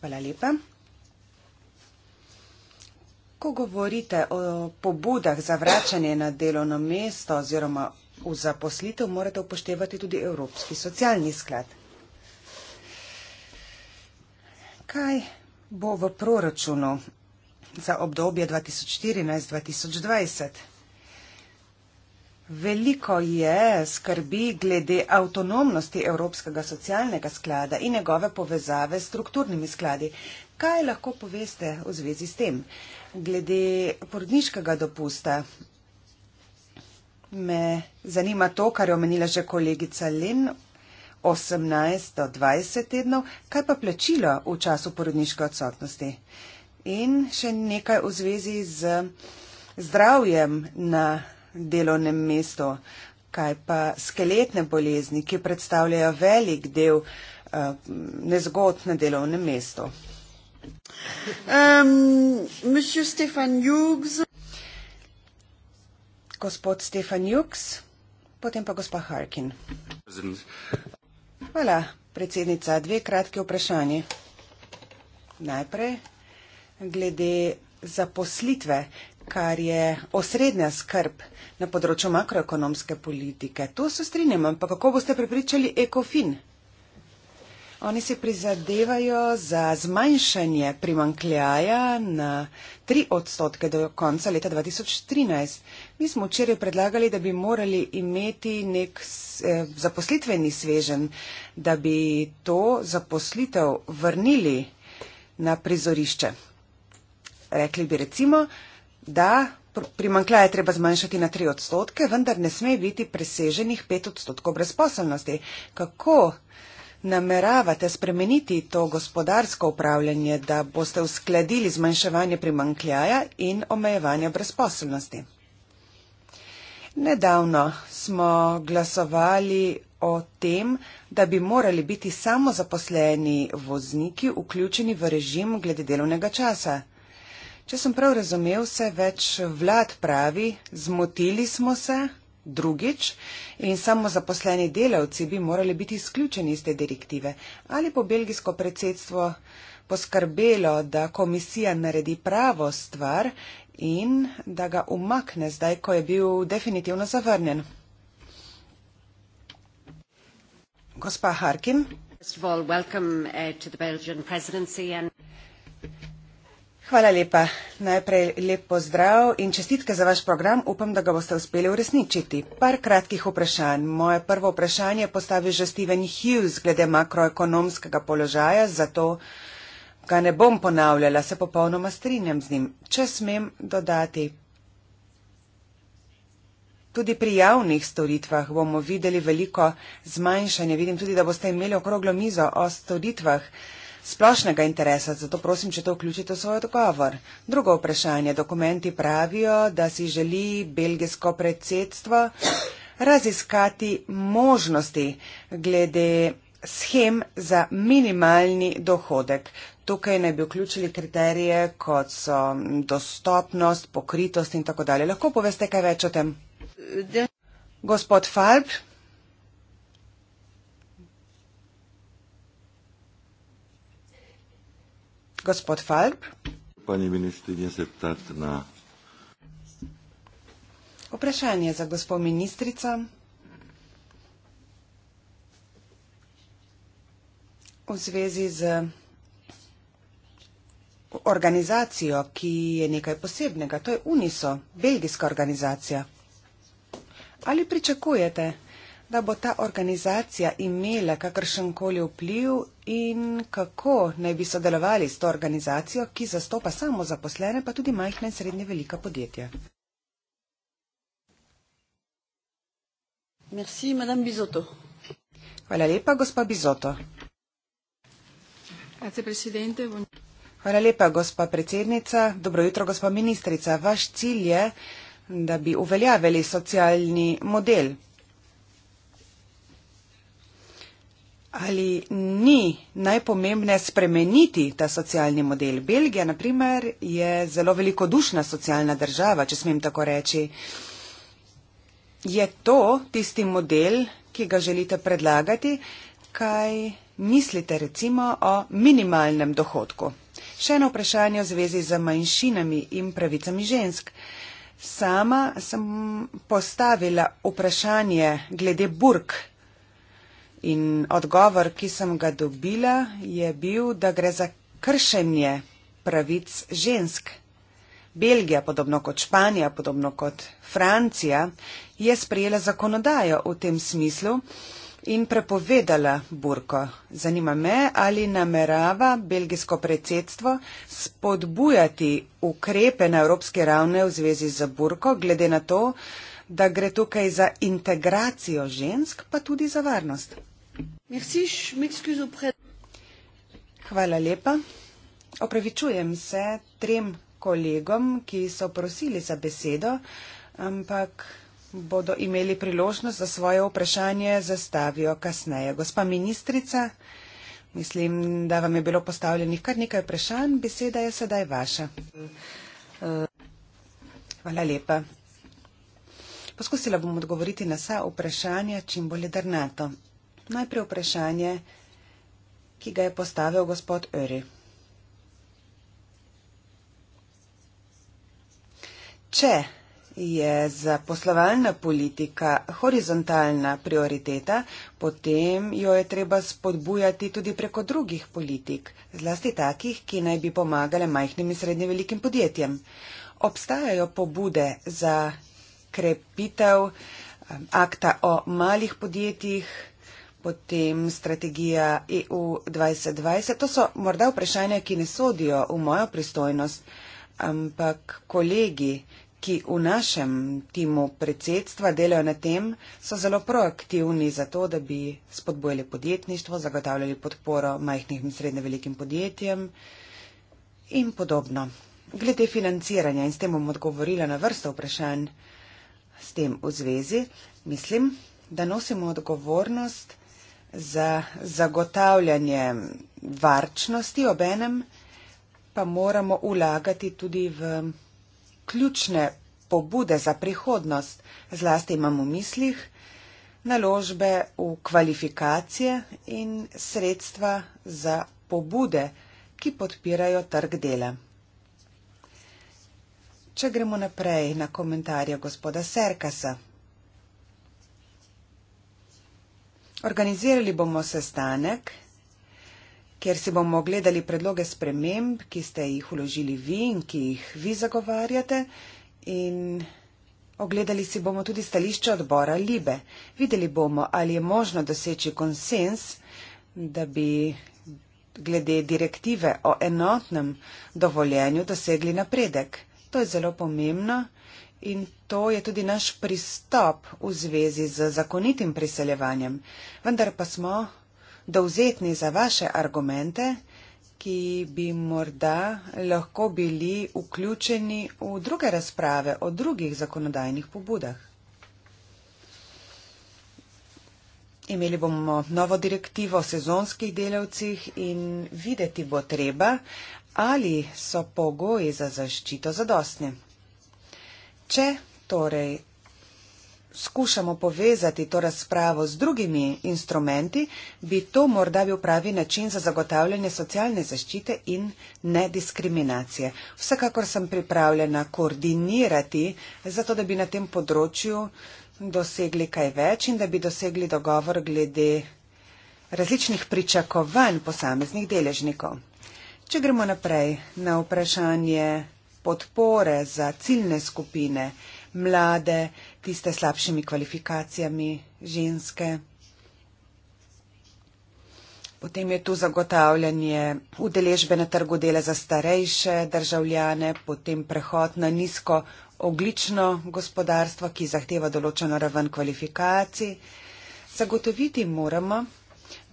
Hvala lepa. Ko govorite o pobudah za vračanje na delovno mesto oziroma v zaposlitev, morate upoštevati tudi Evropski socialni sklad. Kaj bo v proračunu za obdobje 2014-2020. Veliko je skrbi glede avtonomnosti Evropskega socialnega sklada in njegove povezave s strukturnimi skladi. Kaj lahko poveste v zvezi s tem? Glede porodniškega dopusta me zanima to, kar je omenila že kolegica Len 18 do 20 tednov, kaj pa plačilo v času porodniške odsotnosti. In še nekaj v zvezi z zdravjem na delovnem mestu, kaj pa skeletne bolezni, ki predstavljajo velik del uh, nezgod na delovnem mestu. Um, Stefan Jukes. Gospod Stefan Juks, potem pa gospa Harkin. Hvala, predsednica. Dve kratke vprašanje. Najprej, glede zaposlitve, kar je osrednja skrb na področju makroekonomske politike. To se strinjam, ampak kako boste prepričali ekofin? Oni si prizadevajo za zmanjšanje primankljaja na 3 odstotke do konca leta 2013. Mi smo včeraj predlagali, da bi morali imeti nek eh, zaposlitveni svežen, da bi to zaposlitev vrnili na prizorišče. Rekli bi recimo, da primankljaja je treba zmanjšati na 3 odstotke, vendar ne sme biti preseženih 5 odstotkov brezposelnosti. Kako? Nameravate spremeniti to gospodarsko upravljanje, da boste uskladili zmanjševanje primankljaja in omejevanje brezposobnosti? Nedavno smo glasovali o tem, da bi morali biti samo zaposleni vozniki vključeni v režim glede delovnega časa. Če sem prav razumel, se več vlad pravi, zmotili smo se, Drugič, in samo zaposleni delavci bi morali biti izključeni iz te direktive. Ali bo belgijsko predsedstvo poskrbelo, da komisija naredi pravo stvar in da ga umakne zdaj, ko je bil definitivno zavrnjen? Gospa Harkin. Hvala lepa. Najprej lep pozdrav in čestitke za vaš program. Upam, da ga boste uspeli uresničiti. Par kratkih vprašanj. Moje prvo vprašanje postavi že Steven Hughes glede makroekonomskega položaja, zato ga ne bom ponavljala, se popolnoma strinjam z njim. Če smem dodati. Tudi pri javnih storitvah bomo videli veliko zmanjšanje. Vidim tudi, da boste imeli okroglo mizo o storitvah splošnega interesa, zato prosim, če to vključite v svoj odgovor. Drugo vprašanje. Dokumenti pravijo, da si želi belgijsko predsedstvo raziskati možnosti glede schem za minimalni dohodek. Tukaj naj bi vključili kriterije, kot so dostopnost, pokritost in tako dalje. Lahko poveste kaj več o tem? De Gospod Falb. Gospod Falb. Pani ministrinje se ptati na. Vprašanje za gospod ministrica. V zvezi z organizacijo, ki je nekaj posebnega, to je UNISO, belgijska organizacija. Ali pričakujete, da bo ta organizacija imela kakršen koli vpliv in kako naj bi sodelovali s to organizacijo, ki zastopa samo zaposlene, pa tudi majhne in srednje velika podjetja. Merci, madame Bizoto. Hvala lepa, gospa Bizoto. Hvala lepa, gospa predsednica. Dobro jutro, gospa ministrica. Vaš cilj je, da bi uveljavili socialni model. Ali ni najpomembneje spremeniti ta socialni model? Belgija, na primer, je zelo velikodušna socialna država, če smem tako reči. Je to tisti model, ki ga želite predlagati? Kaj mislite recimo o minimalnem dohodku? Še eno vprašanje v zvezi z manjšinami in pravicami žensk. Sama sem postavila vprašanje glede burk In odgovor, ki sem ga dobila, je bil, da gre za kršenje pravic žensk. Belgija, podobno kot Španija, podobno kot Francija, je sprejela zakonodajo v tem smislu in prepovedala burko. Zanima me, ali namerava belgijsko predsedstvo spodbujati ukrepe na evropske ravne v zvezi z burko, glede na to, da gre tukaj za integracijo žensk, pa tudi za varnost. Hvala lepa. Opravičujem se trem kolegom, ki so prosili za besedo, ampak bodo imeli priložnost za svoje vprašanje zastavijo kasneje. Gospa ministrica, mislim, da vam je bilo postavljenih kar nekaj vprašanj, beseda je sedaj vaša. Hvala lepa. Poskusila bom odgovoriti na vsa vprašanja, čim bolje drnato. Najprej vprašanje, ki ga je postavil gospod Öri. Če je zaposlovalna politika horizontalna prioriteta, potem jo je treba spodbujati tudi preko drugih politik, zlasti takih, ki naj bi pomagale majhnim in srednje velikim podjetjem. Obstajajo pobude za krepitev um, akta o malih podjetjih, potem strategija EU 2020. To so morda vprašanja, ki ne sodijo v mojo pristojnost, ampak kolegi, ki v našem timu predsedstva delajo na tem, so zelo proaktivni za to, da bi spodbojali podjetništvo, zagotavljali podporo majhnim in srednje velikim podjetjem in podobno. Glede financiranja in s tem bom odgovorila na vrsto vprašanj s tem v zvezi, mislim, da nosimo odgovornost za zagotavljanje varčnosti, obenem pa moramo vlagati tudi v ključne pobude za prihodnost. Zlasti imamo v mislih naložbe v kvalifikacije in sredstva za pobude, ki podpirajo trg dela. Če gremo naprej na komentarje gospoda Serkasa. Organizirali bomo sestanek, kjer si bomo ogledali predloge sprememb, ki ste jih uložili vi in ki jih vi zagovarjate. In ogledali si bomo tudi stališče odbora Libe. Videli bomo, ali je možno doseči konsens, da bi glede direktive o enotnem dovoljenju dosegli napredek. To je zelo pomembno. In to je tudi naš pristop v zvezi z zakonitim priseljevanjem. Vendar pa smo dovzetni za vaše argumente, ki bi morda lahko bili vključeni v druge razprave o drugih zakonodajnih pobudah. Imeli bomo novo direktivo o sezonskih delavcih in videti bo treba, ali so pogoji za zaščito zadostni. Če torej skušamo povezati to razpravo z drugimi instrumenti, bi to morda bil pravi način za zagotavljanje socialne zaščite in nediskriminacije. Vsekakor sem pripravljena koordinirati, zato da bi na tem področju dosegli kaj več in da bi dosegli dogovor glede različnih pričakovanj posameznih deležnikov. Če gremo naprej na vprašanje podpore za ciljne skupine, mlade, tiste s slabšimi kvalifikacijami, ženske. Potem je tu zagotavljanje udeležbe na trgu dela za starejše državljane, potem prehod na nizko oglično gospodarstvo, ki zahteva določeno raven kvalifikacij. Zagotoviti moramo,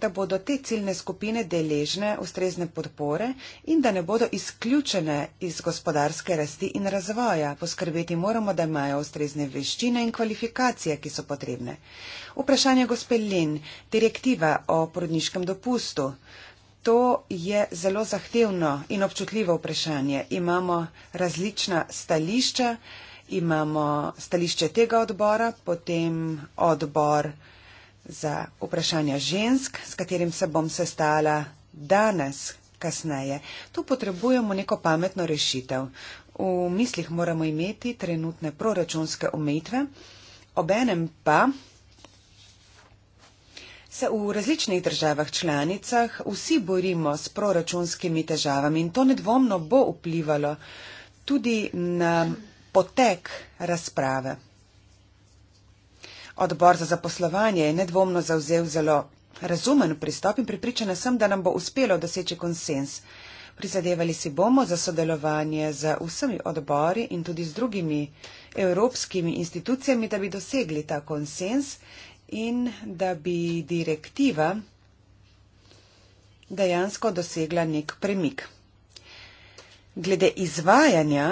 da bodo te ciljne skupine deležne ustrezne podpore in da ne bodo izključene iz gospodarske rasti in razvoja. Poskrbeti moramo, da imajo ustrezne veščine in kvalifikacije, ki so potrebne. Vprašanje gospelin, direktiva o porodniškem dopustu. To je zelo zahtevno in občutljivo vprašanje. Imamo različna stališča, imamo stališče tega odbora, potem odbor za vprašanja žensk, s katerim se bom sestala danes, kasneje. Tu potrebujemo neko pametno rešitev. V mislih moramo imeti trenutne proračunske omejitve, obenem pa se v različnih državah članicah vsi borimo s proračunskimi težavami in to nedvomno bo vplivalo tudi na potek razprave. Odbor za zaposlovanje je nedvomno zauzel zelo razumen pristop in pripričana sem, da nam bo uspelo doseči konsens. Prizadevali si bomo za sodelovanje z vsemi odbori in tudi z drugimi evropskimi institucijami, da bi dosegli ta konsens in da bi direktiva dejansko dosegla nek premik. Glede izvajanja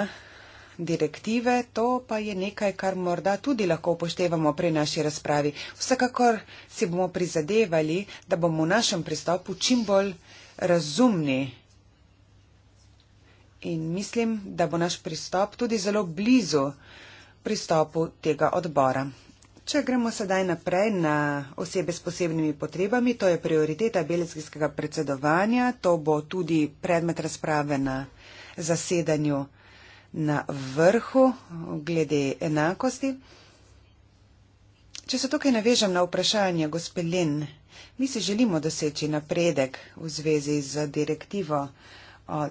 direktive, to pa je nekaj, kar morda tudi lahko upoštevamo pri naši razpravi. Vsekakor si bomo prizadevali, da bomo v našem pristopu čim bolj razumni. In mislim, da bo naš pristop tudi zelo blizu pristopu tega odbora. Če gremo sedaj naprej na osebe s posebnimi potrebami, to je prioriteta belgijskega predsedovanja, to bo tudi predmet razprave na zasedanju na vrhu glede enakosti. Če se tukaj navežem na vprašanje gospe Lin, mi si želimo doseči napredek v zvezi z direktivo o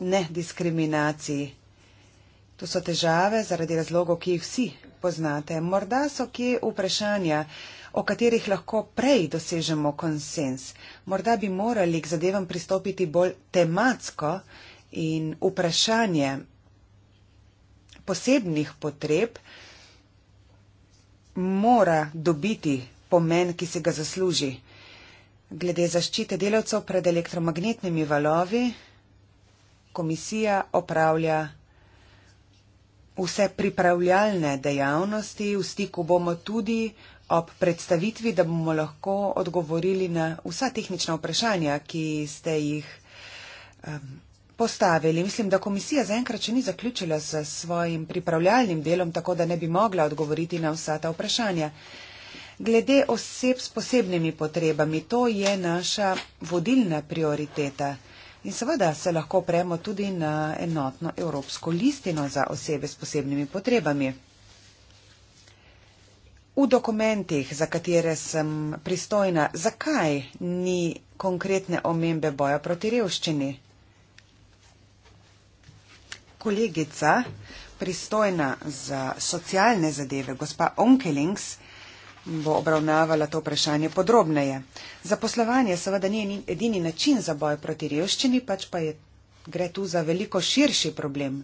nediskriminaciji. To so težave zaradi razlogov, ki jih vsi poznate. Morda so kje vprašanja, o katerih lahko prej dosežemo konsens. Morda bi morali k zadevam pristopiti bolj tematsko in vprašanje posebnih potreb, mora dobiti pomen, ki se ga zasluži. Glede zaščite delavcev pred elektromagnetnimi valovi, komisija opravlja vse pripravljalne dejavnosti, v stiku bomo tudi ob predstavitvi, da bomo lahko odgovorili na vsa tehnična vprašanja, ki ste jih. Um, postavili. Mislim, da komisija zaenkrat še ni zaključila s svojim pripravljalnim delom, tako da ne bi mogla odgovoriti na vsa ta vprašanja. Glede oseb s posebnimi potrebami, to je naša vodilna prioriteta. In seveda se lahko premo tudi na enotno evropsko listino za osebe s posebnimi potrebami. V dokumentih, za katere sem pristojna, zakaj ni konkretne omembe boja proti revščini? kolegica, pristojna za socialne zadeve, gospa Onkelings, bo obravnavala to vprašanje podrobneje. Zaposlovanje seveda ni edini način za boj proti revščini, pač pa je, gre tu za veliko širši problem.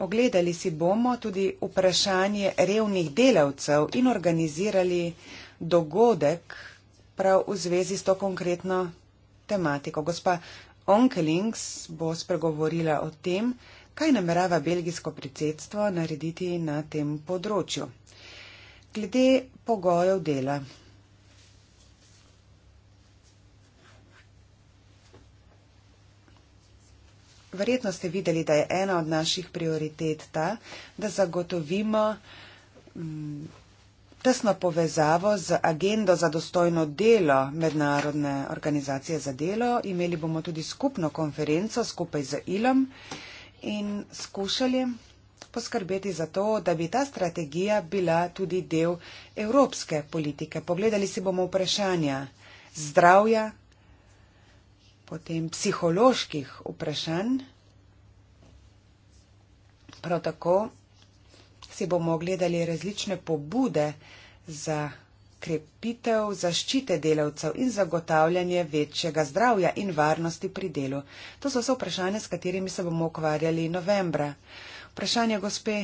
Ogledali si bomo tudi vprašanje revnih delavcev in organizirali dogodek prav v zvezi s to konkretno tematiko. Gospa Onkelings bo spregovorila o tem, kaj namerava belgijsko predsedstvo narediti na tem področju. Glede pogojev dela. Verjetno ste videli, da je ena od naših prioritet ta, da zagotovimo mm, tesno povezavo z agendo za dostojno delo Mednarodne organizacije za delo. Imeli bomo tudi skupno konferenco skupaj z ILOM in skušali poskrbeti za to, da bi ta strategija bila tudi del evropske politike. Pogledali si bomo vprašanja zdravja, potem psiholoških vprašanj, prav tako praksi bomo gledali različne pobude za krepitev zaščite delavcev in zagotavljanje večjega zdravja in varnosti pri delu. To so vse vprašanja, s katerimi se bomo ukvarjali novembra. Vprašanje gospe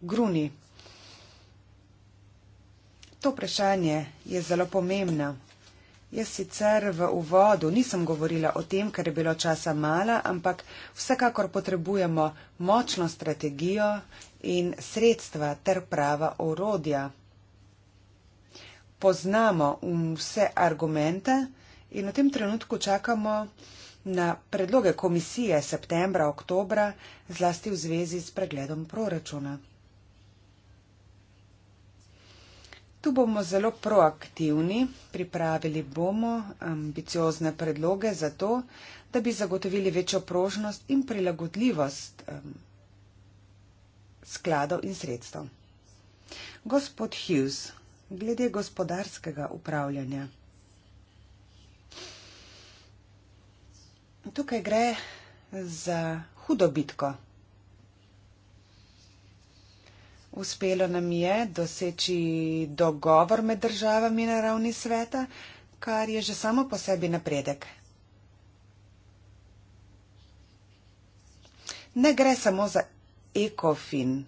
Gruni. To vprašanje je zelo pomembno. Jaz sicer v uvodu nisem govorila o tem, ker je bilo časa mala, ampak vsekakor potrebujemo močno strategijo in sredstva ter prava orodja. Poznamo vse argumente in v tem trenutku čakamo na predloge komisije septembra, oktobra, zlasti v zvezi s pregledom proračuna. Tu bomo zelo proaktivni, pripravili bomo ambiciozne predloge za to, da bi zagotovili večjo prožnost in prilagodljivost skladov in sredstev. Gospod Hughes, glede gospodarskega upravljanja. Tukaj gre za hudo bitko. Uspelo nam je doseči dogovor med državami na ravni sveta, kar je že samo po sebi napredek. Ne gre samo za ECOFIN.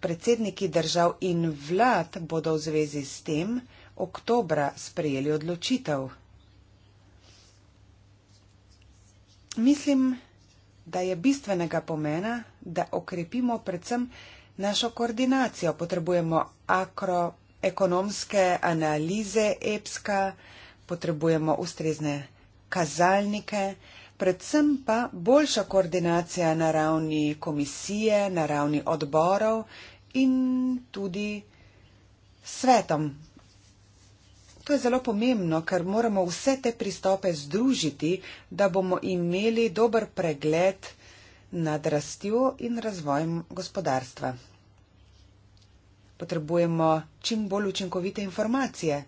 Predsedniki držav in vlad bodo v zvezi s tem oktobra sprejeli odločitev. Mislim, da je bistvenega pomena, da okrepimo predvsem našo koordinacijo. Potrebujemo akroekonomske analize EPSKA, potrebujemo ustrezne kazalnike, predvsem pa boljša koordinacija na ravni komisije, na ravni odborov in tudi svetom. To je zelo pomembno, ker moramo vse te pristope združiti, da bomo imeli dober pregled nad rastjo in razvojem gospodarstva. Potrebujemo čim bolj učinkovite informacije.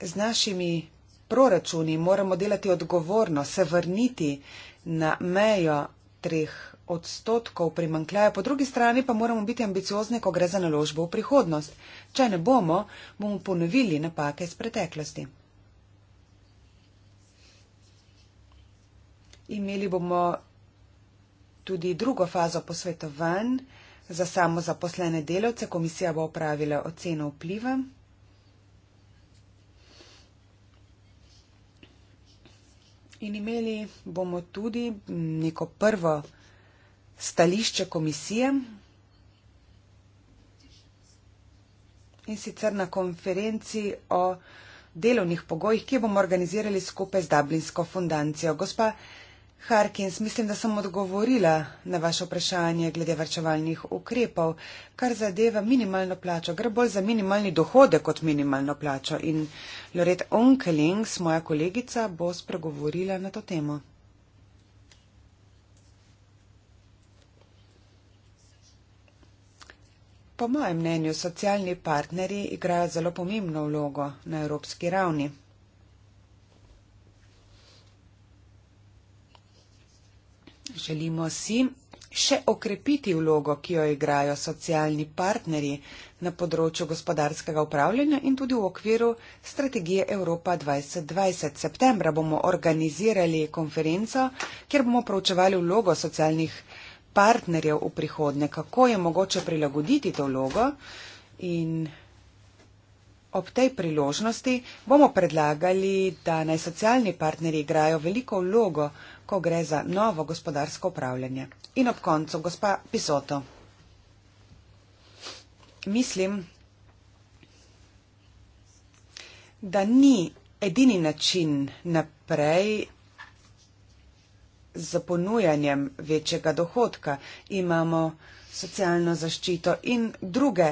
Z našimi proračuni, moramo delati odgovorno, se vrniti na mejo treh odstotkov primankljaja, po drugi strani pa moramo biti ambiciozni, ko gre za naložbo v prihodnost. Če ne bomo, bomo ponovili napake iz preteklosti. Imeli bomo tudi drugo fazo posvetovanj za samozaposlene delavce. Komisija bo opravila oceno vpliva. in imeli bomo tudi neko prvo stališče komisije. In sicer na konferenci o delovnih pogojih, ki jo bomo organizirali skupaj z Dublinsko fundacijo. Gospa Harkins, mislim, da sem odgovorila na vaše vprašanje glede varčevalnih ukrepov, kar zadeva minimalno plačo. Gre bolj za minimalni dohodek kot minimalno plačo. In Loret Onkelings, moja kolegica, bo spregovorila na to temo. Po mojem mnenju socialni partnerji igrajo zelo pomembno vlogo na evropski ravni. Želimo si še okrepiti vlogo, ki jo igrajo socialni partnerji na področju gospodarskega upravljanja in tudi v okviru strategije Evropa 2020. Septembra bomo organizirali konferenco, kjer bomo pravčevali vlogo socialnih partnerjev v prihodnje, kako je mogoče prilagoditi to vlogo in ob tej priložnosti bomo predlagali, da naj socialni partnerji igrajo veliko vlogo ko gre za novo gospodarsko upravljanje. In ob koncu, gospa Pisoto, mislim, da ni edini način naprej z ponujanjem večjega dohodka. Imamo socialno zaščito in druge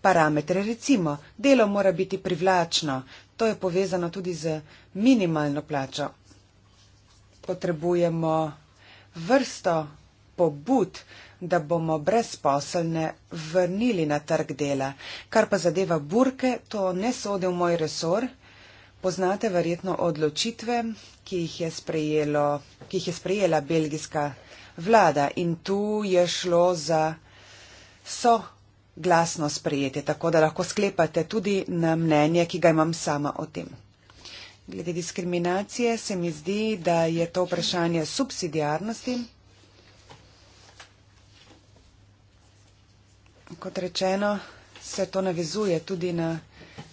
parametre. Recimo, delo mora biti privlačno. To je povezano tudi z minimalno plačo potrebujemo vrsto pobud, da bomo brezposelne vrnili na trg dela. Kar pa zadeva burke, to ne sodi v moj resor. Poznate verjetno odločitve, ki jih je, sprejelo, ki jih je sprejela belgijska vlada in tu je šlo za so glasno sprejetje, tako da lahko sklepate tudi na mnenje, ki ga imam sama o tem. Glede diskriminacije se mi zdi, da je to vprašanje subsidijarnosti. Kot rečeno, se to navezuje tudi na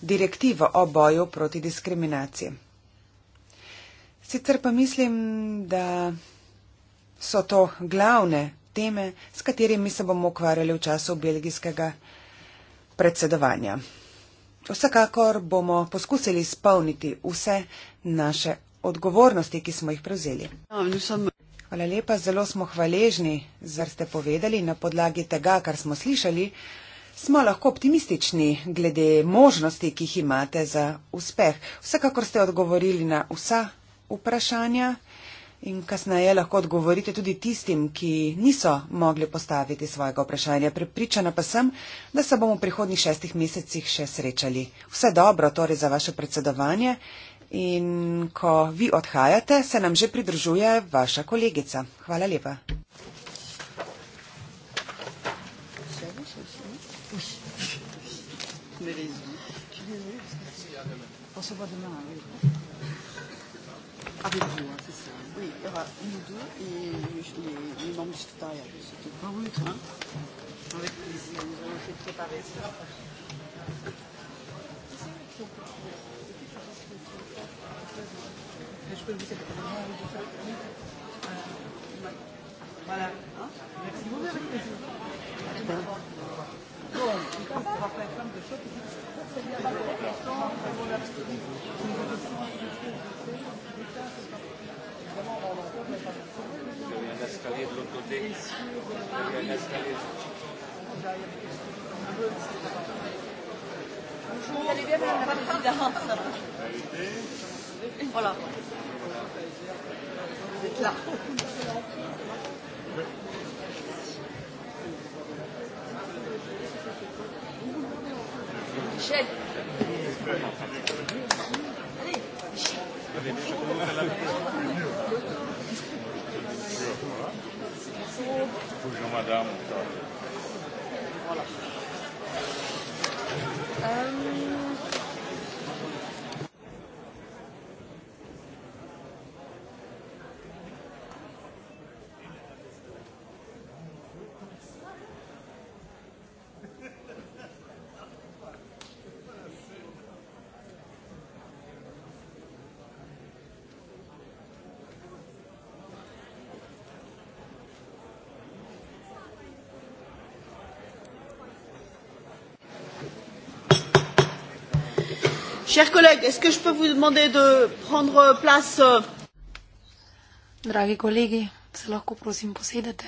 direktivo o boju proti diskriminaciji. Sicer pa mislim, da so to glavne teme, s katerimi se bomo ukvarjali v času belgijskega predsedovanja. Vsekakor bomo poskusili izpolniti vse naše odgovornosti, ki smo jih prevzeli. Ja, Hvala lepa, zelo smo hvaležni, zar ste povedali na podlagi tega, kar smo slišali, smo lahko optimistični glede možnosti, ki jih imate za uspeh. Vsekakor ste odgovorili na vsa vprašanja. In kasneje lahko odgovorite tudi tistim, ki niso mogli postaviti svojega vprašanja. Prepričana pa sem, da se bomo v prihodnjih šestih mesecih še srečali. Vse dobro torej za vaše predsedovanje in ko vi odhajate, se nam že pridružuje vaša kolegica. Hvala lepa. Merezno. Pa se pa demagi. A bi bilo aura nous deux et les, les membres du secrétariat. C'est tout. Ah oui, très bien. Avec plaisir. Nous allons essayer de préparer ça. Je peux vous Voilà. Merci beaucoup. Bon, en tout cas, ça va pas être comme de choc. C'est bien important. C'est bien important. C'est bien important. escalé de l'autre côté. Il y a un escalier. Voilà. Vous êtes là. Michel. Allez, Michel. Bonjour madame. Voilà. Chers collègues, est-ce que je peux vous demander de prendre place euh? Dragi colleghi, se lahko prosim posedete.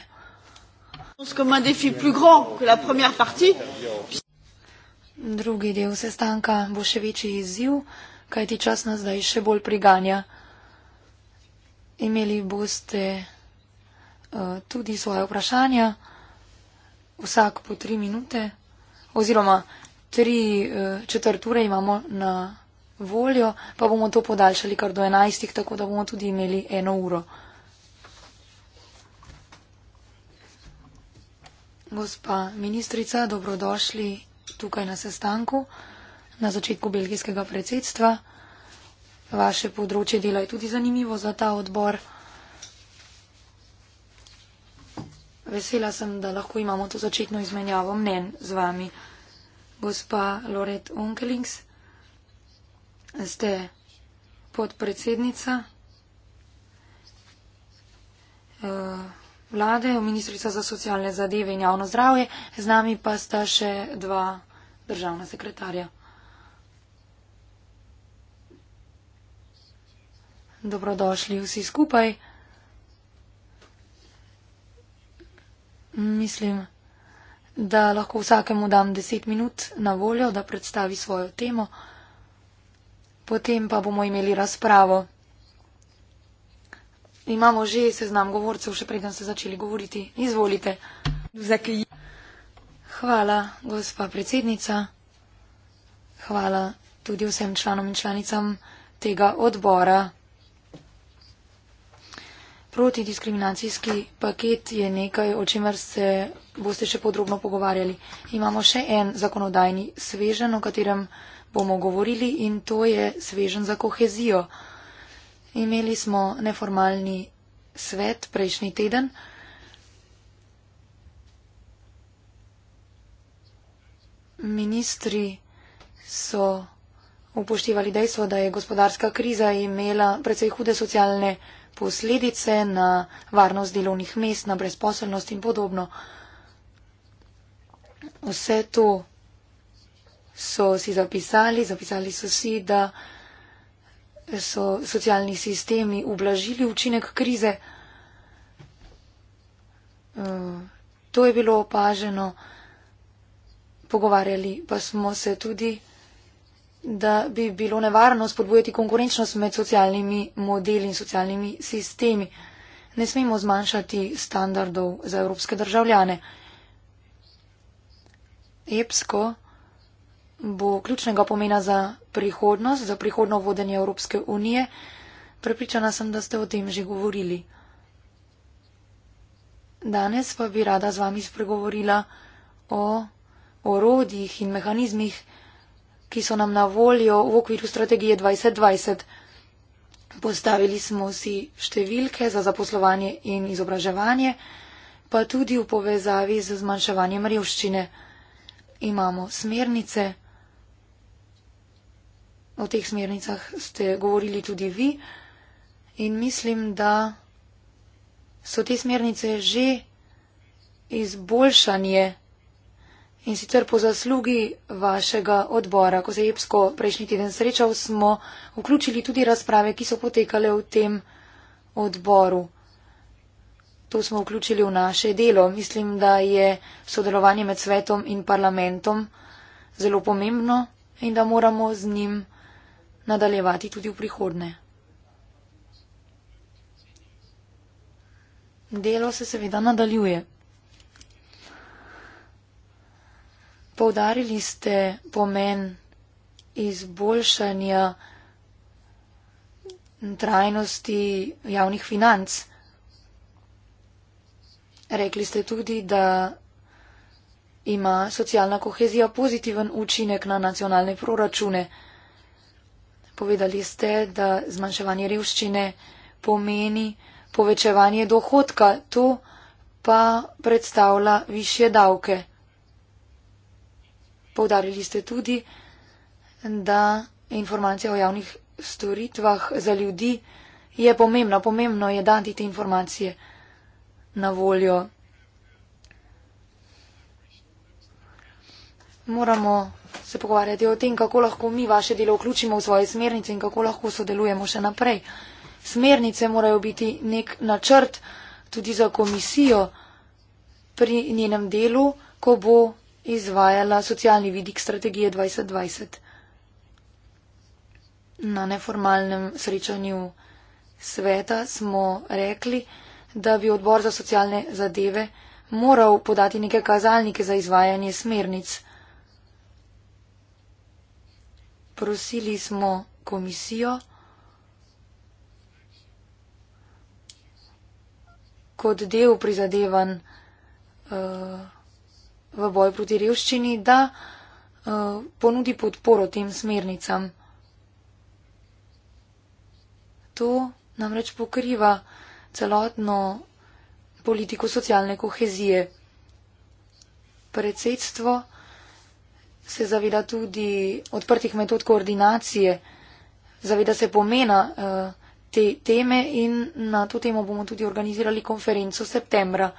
comme un défi plus grand que la première partie. Drugi del sestanka bo še večji izziv, kajti čas nas zdaj še bolj priganja. Imeli boste uh, tudi svoje vprašanja, vsak po tri minute, oziroma tri eh, četrt ure imamo na voljo, pa bomo to podaljšali kar do enajstih, tako da bomo tudi imeli eno uro. Gospa ministrica, dobrodošli tukaj na sestanku na začetku belgijskega predsedstva. Vaše področje dela je tudi zanimivo za ta odbor. Vesela sem, da lahko imamo to začetno izmenjavo mnen z vami. Gospa Loret Unkelings, ste podpredsednica eh, vlade, ministrica za socialne zadeve in javno zdravje, z nami pa sta še dva državna sekretarja. Dobrodošli vsi skupaj. Mislim da lahko vsakemu dam deset minut na voljo, da predstavi svojo temo, potem pa bomo imeli razpravo. Imamo že seznam govorcev, še preden ste začeli govoriti. Izvolite. Hvala, gospa predsednica. Hvala tudi vsem članom in članicam tega odbora. Protidiskriminacijski paket je nekaj, o čemer se boste še podrobno pogovarjali. Imamo še en zakonodajni svežen, o katerem bomo govorili in to je svežen za kohezijo. Imeli smo neformalni svet prejšnji teden. Ministri so upoštevali dejstvo, da je gospodarska kriza imela precej hude socialne posledice na varnost delovnih mest, na brezposelnost in podobno. Vse to so si zapisali, zapisali so si, da so socialni sistemi ublažili učinek krize. Eh, to je bilo opaženo. Pogovarjali pa smo se tudi da bi bilo nevarno spodbujati konkurenčnost med socialnimi modeli in socialnimi sistemi. Ne smemo zmanjšati standardov za evropske državljane. EPSKO bo ključnega pomena za prihodnost, za prihodno vodenje Evropske unije. Prepričana sem, da ste o tem že govorili. Danes pa bi rada z vami spregovorila o orodjih in mehanizmih, ki so nam na voljo v okviru strategije 2020. Postavili smo si številke za zaposlovanje in izobraževanje, pa tudi v povezavi z zmanjševanjem revščine. Imamo smernice, o teh smernicah ste govorili tudi vi in mislim, da so te smernice že izboljšanje In sicer po zaslugi vašega odbora, ko se je Epsko prejšnji teden srečal, smo vključili tudi razprave, ki so potekale v tem odboru. To smo vključili v naše delo. Mislim, da je sodelovanje med svetom in parlamentom zelo pomembno in da moramo z njim nadaljevati tudi v prihodne. Delo se seveda nadaljuje. Poudarili ste pomen izboljšanja trajnosti javnih financ. Rekli ste tudi, da ima socialna kohezija pozitiven učinek na nacionalne proračune. Povedali ste, da zmanjševanje revščine pomeni povečevanje dohodka, to pa predstavlja više davke. Poudarili ste tudi, da informacija o javnih storitvah za ljudi je pomembna. Pomembno je dati te informacije na voljo. Moramo se pogovarjati o tem, kako lahko mi vaše delo vključimo v svoje smernice in kako lahko sodelujemo še naprej. Smernice morajo biti nek načrt tudi za komisijo pri njenem delu, ko bo izvajala socialni vidik strategije 2020. Na neformalnem srečanju sveta smo rekli, da bi odbor za socialne zadeve moral podati neke kazalnike za izvajanje smernic. Prosili smo komisijo, kot del prizadevanj, uh, v boju proti revščini, da uh, ponudi podporo tem smernicam. To namreč pokriva celotno politiko socialne kohezije. Predsedstvo se zaveda tudi odprtih metod koordinacije, zaveda se pomena eh, te teme in na to temo bomo tudi organizirali konferenco septembra.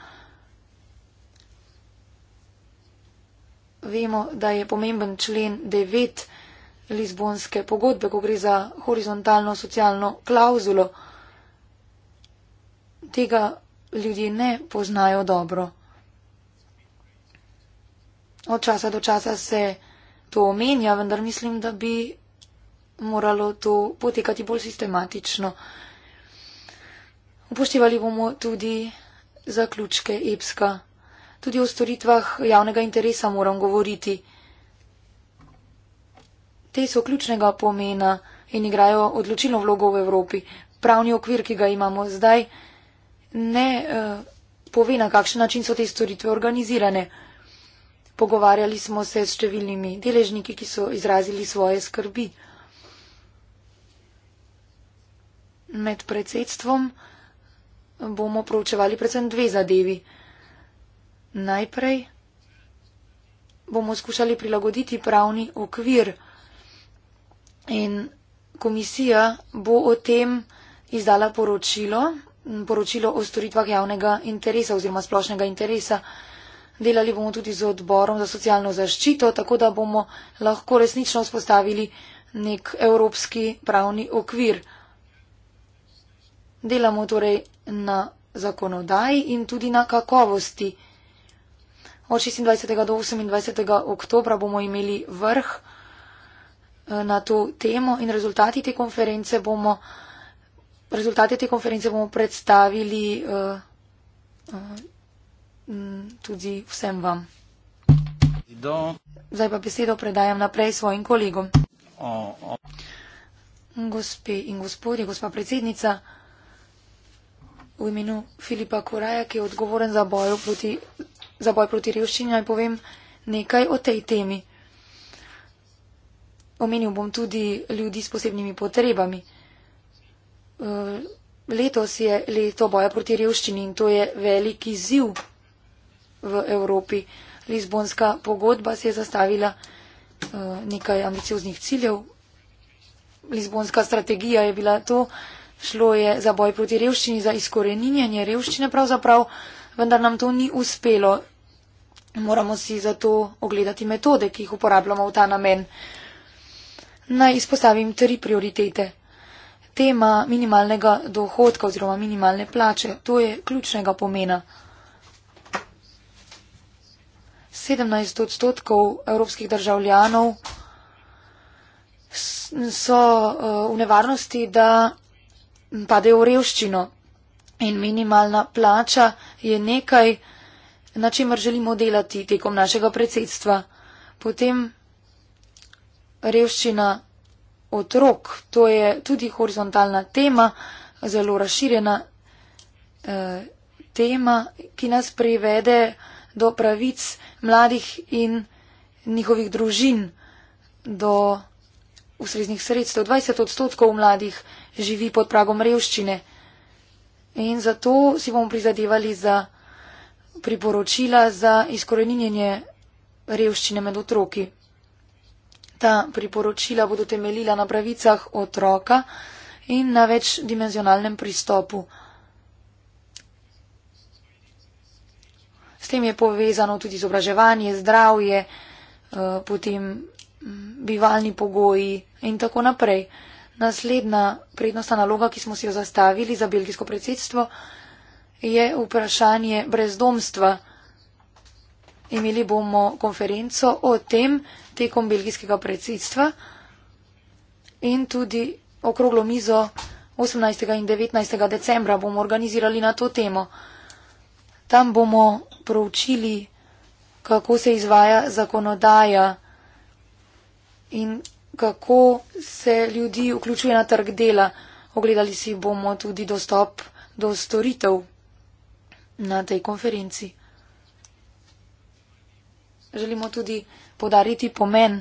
vemo, da je pomemben člen 9 Lizbonske pogodbe, ko gre za horizontalno socialno klauzulo. Tega ljudje ne poznajo dobro. Od časa do časa se to omenja, vendar mislim, da bi moralo to potekati bolj sistematično. Upoštevali bomo tudi zaključke EPSKA tudi o storitvah javnega interesa moram govoriti. Te so ključnega pomena in igrajo odločilno vlogo v Evropi. Pravni okvir, ki ga imamo zdaj, ne eh, pove, na kakšen način so te storitve organizirane. Pogovarjali smo se s številnimi deležniki, ki so izrazili svoje skrbi. Med predsedstvom bomo proučevali predvsem dve zadevi. Najprej bomo skušali prilagoditi pravni okvir in komisija bo o tem izdala poročilo, poročilo o storitvah javnega interesa oziroma splošnega interesa. Delali bomo tudi z odborom za socialno zaščito, tako da bomo lahko resnično vzpostavili nek evropski pravni okvir. Delamo torej na zakonodaji in tudi na kakovosti. Od 26. do 28. oktobra bomo imeli vrh eh, na to temo in rezultati te konference bomo, rezultati te konference bomo predstavili uh, uh, tudi vsem vam. Do. Zdaj pa besedo predajam naprej svojim kolegom. O, o. Gospe in gospodje, gospa predsednica, v imenu Filipa Koraja, ki je odgovoren za bojo proti za boj proti revščini naj povem nekaj o tej temi. Omenil bom tudi ljudi s posebnimi potrebami. Eh, letos je leto boja proti revščini in to je veliki ziv v Evropi. Lizbonska pogodba se je zastavila eh, nekaj ambicioznih ciljev. Lizbonska strategija je bila to, šlo je za boj proti revščini, za izkoreninjanje revščine pravzaprav vendar nam to ni uspelo. Moramo si zato ogledati metode, ki jih uporabljamo v ta namen. Naj izpostavim tri prioritete. Tema minimalnega dohodka oziroma minimalne plače, to je ključnega pomena. 17 odstotkov evropskih državljanov so eh, v nevarnosti, da padejo v revščino in minimalna plača je nekaj, na čemer želimo delati tekom našega predsedstva. Potem revščina otrok, to je tudi horizontalna tema, zelo razširjena eh, tema, ki nas privede do pravic mladih in njihovih družin, do ustreznih sredstev. 20 odstotkov mladih živi pod pragom revščine. In zato si bomo prizadevali za priporočila za izkoreninjenje revščine med otroki. Ta priporočila bodo temeljila na pravicah otroka in na večdimenzionalnem pristopu. S tem je povezano tudi izobraževanje, zdravje, eh, potem mm, bivalni pogoji in tako naprej. Naslednja prednostna naloga, ki smo si jo zastavili za belgijsko predsedstvo, je vprašanje brezdomstva. Imeli bomo konferenco o tem tekom belgijskega predsedstva in tudi okroglo mizo 18. in 19. decembra bomo organizirali na to temo. Tam bomo proučili, kako se izvaja zakonodaja in kako se ljudi vključuje na trg dela. Ogledali si bomo tudi dostop do storitev na tej konferenci. Želimo tudi podariti pomen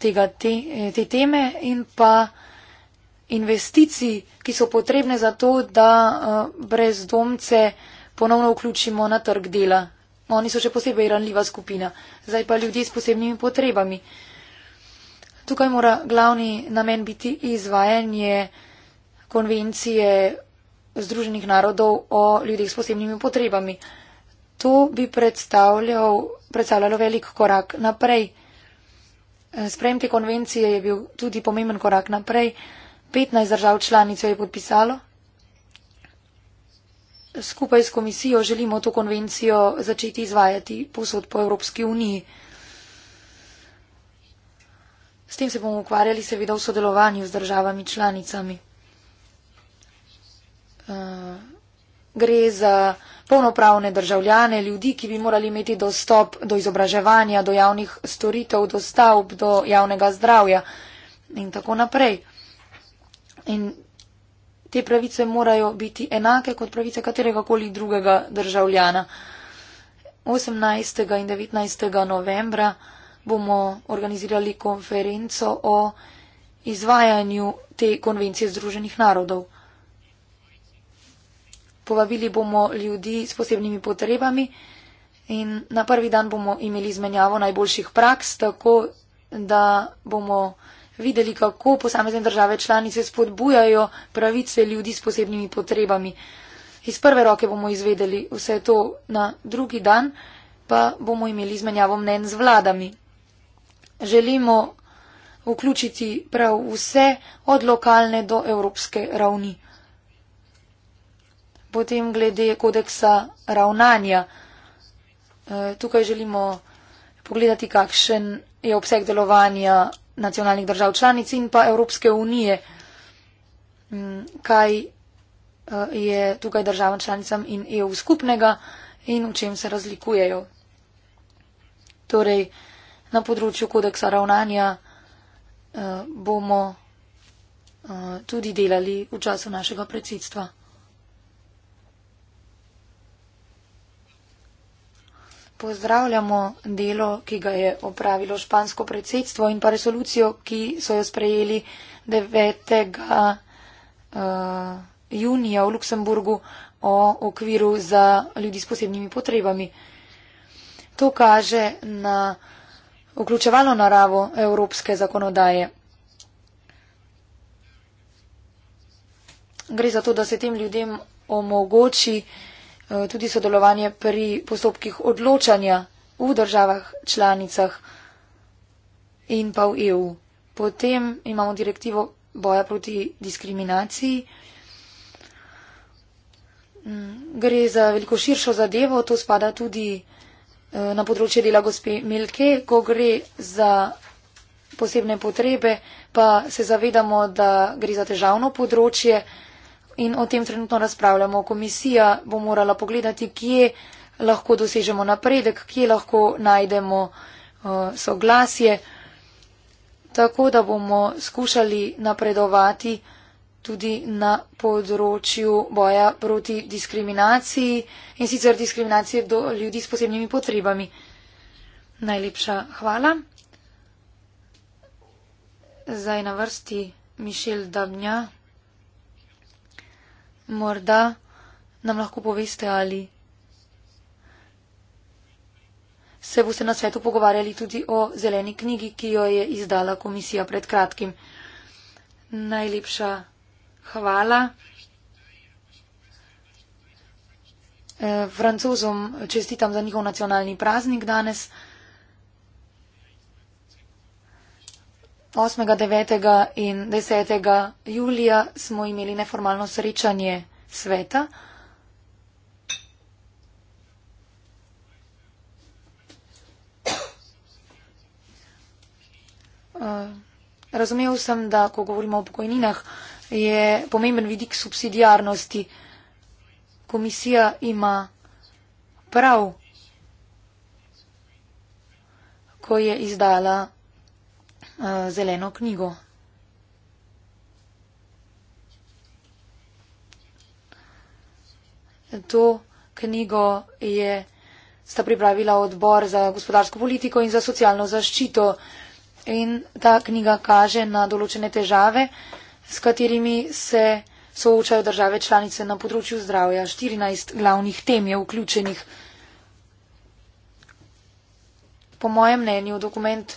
tega te, te teme in pa investicij, ki so potrebne za to, da eh, brezdomce ponovno vključimo na trg dela. Oni so še posebej ranljiva skupina. Zdaj pa ljudje s posebnimi potrebami. Tukaj mora glavni namen biti izvajanje konvencije Združenih narodov o ljudeh s posebnimi potrebami. To bi predstavljalo velik korak naprej. Sprejem te konvencije je bil tudi pomemben korak naprej. 15 držav članic jo je podpisalo. Skupaj s komisijo želimo to konvencijo začeti izvajati posod po Evropski uniji. S tem se bomo ukvarjali seveda v sodelovanju z državami članicami. Eh, gre za polnopravne državljane, ljudi, ki bi morali imeti dostop do izobraževanja, do javnih storitev, do stavb, do javnega zdravja in tako naprej. In te pravice morajo biti enake kot pravice katerega koli drugega državljana. 18. in 19. novembra bomo organizirali konferenco o izvajanju te konvencije Združenih narodov. Povabili bomo ljudi s posebnimi potrebami in na prvi dan bomo imeli izmenjavo najboljših praks, tako da bomo videli, kako posamezne države članice spodbujajo pravice ljudi s posebnimi potrebami. Iz prve roke bomo izvedeli vse to, na drugi dan pa bomo imeli izmenjavo mnen z vladami želimo vključiti prav vse od lokalne do evropske ravni. Potem glede kodeksa ravnanja. E, tukaj želimo pogledati, kakšen je obseg delovanja nacionalnih držav članic in pa Evropske unije, mm, kaj e, je tukaj državam članicam in EU skupnega in v čem se razlikujejo. Torej, na področju kodeksa ravnanja eh, bomo eh, tudi delali v času našega predsedstva. Pozdravljamo delo, ki ga je opravilo špansko predsedstvo in pa resolucijo, ki so jo sprejeli 9. Eh, junija v Luksemburgu o okviru za ljudi s posebnimi potrebami. To kaže na vključevalo naravo evropske zakonodaje. Gre za to, da se tem ljudem omogoči eh, tudi sodelovanje pri postopkih odločanja v državah, članicah in pa v EU. Potem imamo direktivo boja proti diskriminaciji. Mm, gre za veliko širšo zadevo, to spada tudi Eh, na področju dela gospe Milke, ko gre za posebne potrebe, pa se zavedamo, da gre za težavno področje in o tem trenutno razpravljamo. Komisija bo morala pogledati, kje lahko dosežemo napredek, kje lahko najdemo eh, soglasje, tako da bomo skušali napredovati tudi na področju boja proti diskriminaciji in sicer diskriminacije do ljudi s posebnimi potrebami. Najlepša hvala. Zdaj na vrsti Mišel Dabnja. Morda nam lahko poveste, ali se boste na svetu pogovarjali tudi o zeleni knjigi, ki jo je izdala komisija pred kratkim. Najlepša hvala. Hvala. E, Francozom čestitam za njihov nacionalni praznik danes. 8., 9. in 10. julija smo imeli neformalno srečanje sveta. E, Razumev sem, da ko govorimo o pokojninah, je pomemben vidik subsidijarnosti. Komisija ima prav, ko je izdala uh, zeleno knjigo. To knjigo je, sta pripravila odbor za gospodarsko politiko in za socialno zaščito. In ta knjiga kaže na določene težave, uh, s katerimi se soočajo države članice na področju zdravja. 14 glavnih tem je vključenih. Po mojem mnenju dokument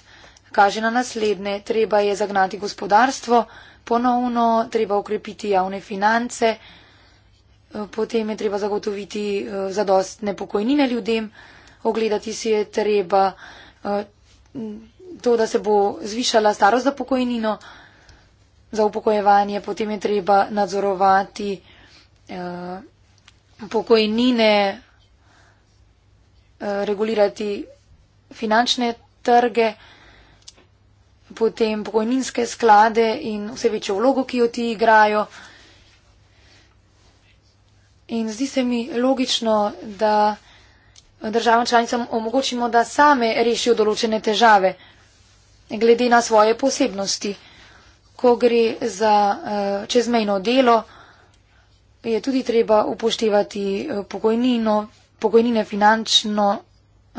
kaže na naslednje. Treba je zagnati gospodarstvo, ponovno treba ukrepiti javne finance, potem je treba zagotoviti eh, zadostne pokojnine ljudem, ogledati si je treba eh, to, da se bo zvišala starost za pokojnino za upokojevanje, potem je treba nadzorovati uh, pokojnine, uh, regulirati finančne trge, potem pokojninske sklade in vse večjo vlogo, ki jo ti igrajo. In zdi se mi logično, da državam članicam omogočimo, da same rešijo določene težave glede na svoje posebnosti ko gre za eh, čezmejno delo, je tudi treba upoštevati eh, pokojnino, pokojnine finančno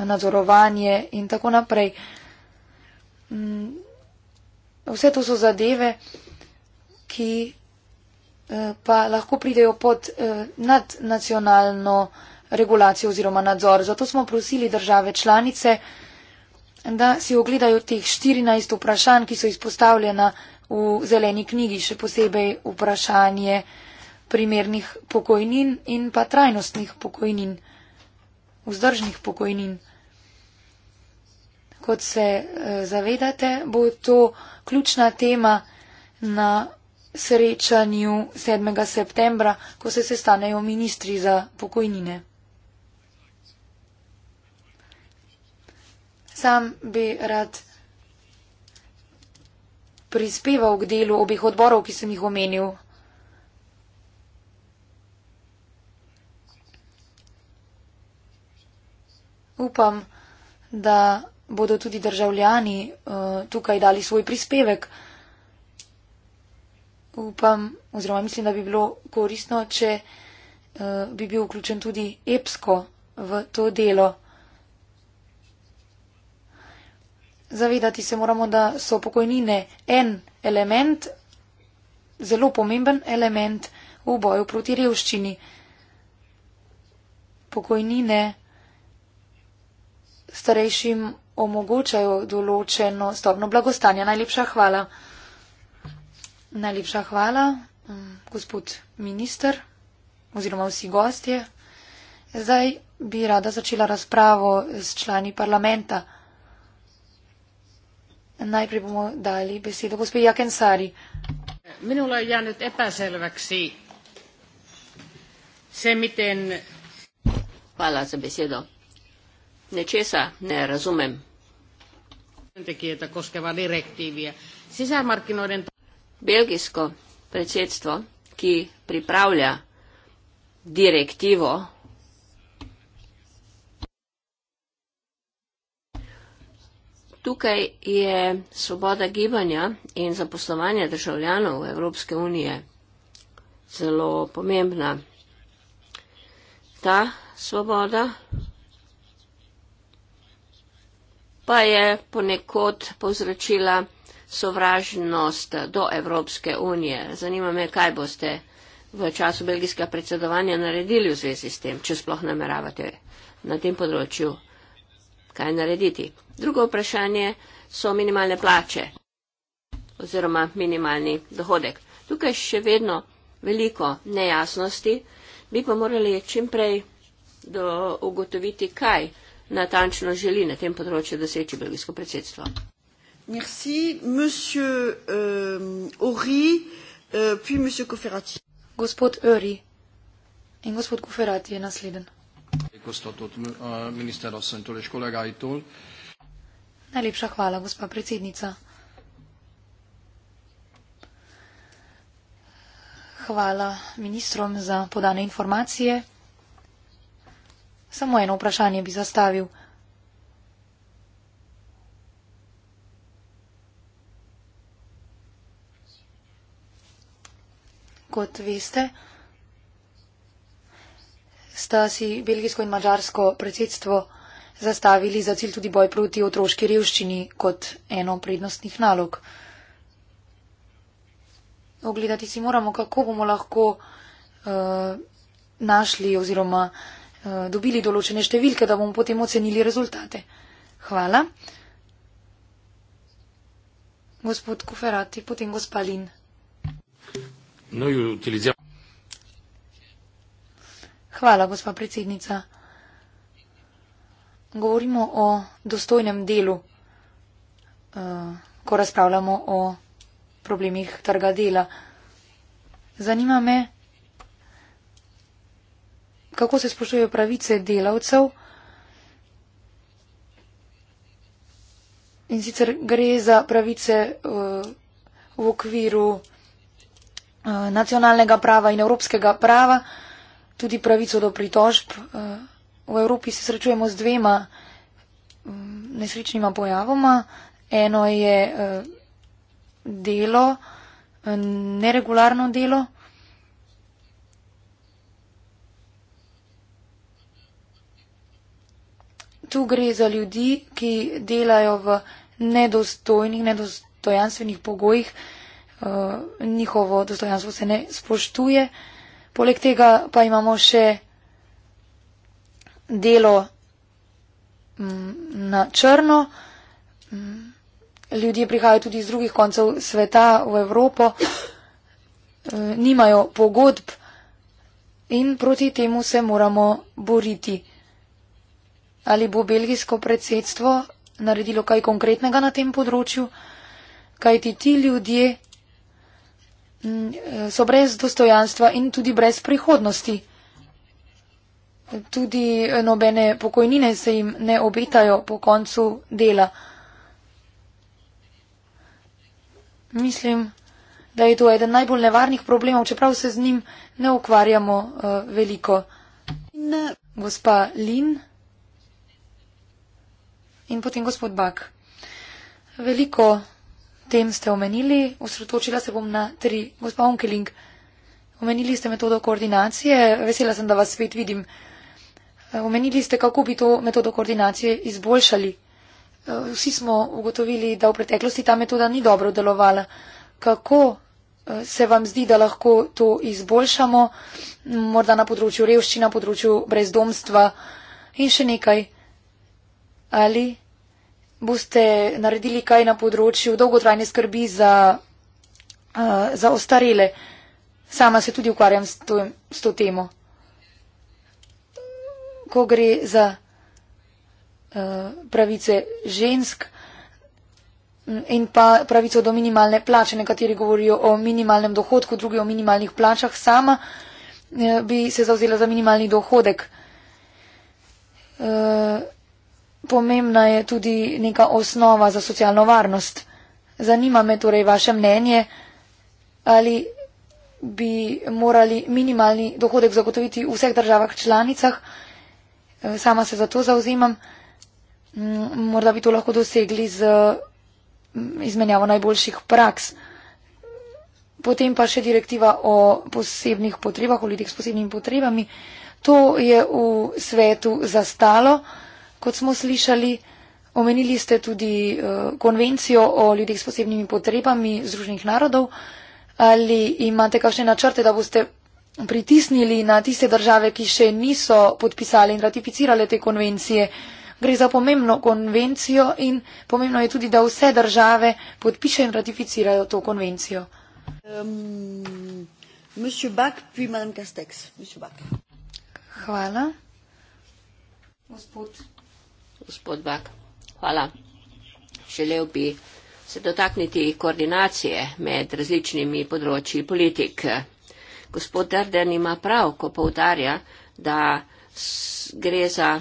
nadzorovanje in tako naprej. Mm, vse to so zadeve, ki eh, pa lahko pridejo pod nadnacionalno regulacijo oziroma nadzor. Zato smo prosili države članice, da si ogledajo teh 14 vprašanj, ki so izpostavljena v zeleni knjigi, še posebej vprašanje primernih pokojnin in pa trajnostnih pokojnin, vzdržnih pokojnin. Kot se eh, zavedate, bo to ključna tema na srečanju 7. septembra, ko se sestanejo ministri za pokojnine. Sam bi rad prispeval k delu obih odborov, ki sem jih omenil. Upam, da bodo tudi državljani uh, tukaj dali svoj prispevek. Upam, oziroma mislim, da bi bilo koristno, če uh, bi bil vključen tudi EPSKO v to delo. Zavedati se moramo, da so pokojnine en element, zelo pomemben element v boju proti revščini. Pokojnine starejšim omogočajo določeno stopno blagostanja. Najlepša hvala. Najlepša hvala, mm, gospod minister oziroma vsi gostje. Zdaj bi rada začela razpravo s člani parlamenta. Najprej bomo dali besedo gospe Jakensari. Minulo je janet epaselvaksi. Se miten... Hvala za besedo. Nečesa ne razumem. Belgijsko predsedstvo, ki pripravlja direktivo Tukaj je svoboda gibanja in zaposlovanja državljanov Evropske unije zelo pomembna. Ta svoboda pa je ponekod povzročila sovražnost do Evropske unije. Zanima me, kaj boste v času belgijskega predsedovanja naredili v zvezi s tem, če sploh nameravate na tem področju kaj narediti. Drugo vprašanje so minimalne plače oziroma minimalni dohodek. Tukaj še vedno veliko nejasnosti, bi pa morali čimprej ugotoviti, kaj natančno želi na tem področju doseči belgijsko predsedstvo. Merci, monsieur euh, Ori, euh, puis monsieur Koferati. Gospod Ori in gospod Koferati je naslednji tájékoztatott miniszterasszonytól és kollégáitól. Najlepša hvala, gospa predsednica. Hvala ministrom za podane informacije. Samo eno vprašanje bi zastavil. Kot veste, sta si belgijsko in mađarsko predsedstvo zastavili za cilj tudi boj proti otroški revščini kot eno prednostnih nalog. Ogledati si moramo, kako bomo lahko uh, našli oziroma uh, dobili določene številke, da bomo potem ocenili rezultate. Hvala. Gospod Kuferati, potem gospa Lin. No, Hvala, gospa predsednica. Govorimo o dostojnem delu, eh, ko razpravljamo o problemih trga dela. Zanima me, kako se spoštujejo pravice delavcev. In sicer gre za pravice eh, v okviru eh, nacionalnega prava in evropskega prava tudi pravico do pritožb. Eh, v Evropi se srečujemo z dvema mm, nesrečnima pojavoma. Eno je eh, delo, eh, neregularno delo. Tu gre za ljudi, ki delajo v nedostojnih, nedostojanstvenih pogojih, njihovo dostojanstvo se ne spoštuje. Poleg tega pa imamo še delo mm, na črno. Mm, ljudje prihajajo tudi iz drugih koncev sveta v Evropo, eh, nimajo pogodb in proti temu se moramo boriti. Ali bo belgijsko predsedstvo naredilo kaj konkretnega na tem področju, kajti ti ljudje Mm, so brez dostojanstva in tudi brez prihodnosti. Tudi eh, nobene pokojnine se jim ne obetajo po koncu dela. Mislim, da je to eden najbolj nevarnih problemov, čeprav se z njim ne ukvarjamo uh, veliko. Ne. Eh, Gospa Lin in potem gospod Bak. Veliko tem ste omenili, osredotočila se bom na tri. Gospa Onkeling, omenili ste metodo koordinacije, vesela sem, da vas svet vidim. Eh, omenili ste, kako bi to metodo koordinacije izboljšali. Eh, vsi smo ugotovili, da v preteklosti ta metoda ni dobro delovala. Kako eh, se vam zdi, da lahko to izboljšamo, morda na področju revščina, na področju brezdomstva in še nekaj? Ali boste naredili kaj na področju dolgotrajne skrbi za, uh, za ostarele. Sama se tudi ukvarjam s to, s to temo. Ko gre za uh, pravice žensk mm, in pa pravico do minimalne plače, nekateri govorijo o minimalnem dohodku, drugi o minimalnih plačah, sama uh, bi se zauzela za minimalni dohodek. Uh, pomembna je tudi neka osnova za socialno varnost. Zanima me torej vaše mnenje, ali bi morali minimalni dohodek zagotoviti v vseh državah članicah. E, sama se za to zauzimam. Mm, morda bi to lahko dosegli z mm, izmenjavo najboljših praks. Potem pa še direktiva o posebnih potrebah, o ljudih s posebnimi potrebami. To je v svetu zastalo kot smo slišali. Omenili ste tudi eh, konvencijo o ljudih s posebnimi potrebami Združenih narodov. Ali imate kakšne načrte, da boste pritisnili na tiste države, ki še niso podpisali in ratificirali te konvencije? Gre za pomembno konvencijo in pomembno je tudi, da vse države podpiše in ratificirajo to konvencijo. Um, Hvala. Gospod gospod Bak. Hvala. Želel bi se dotakniti koordinacije med različnimi področji politik. Gospod Drden ima prav, ko povdarja, da gre za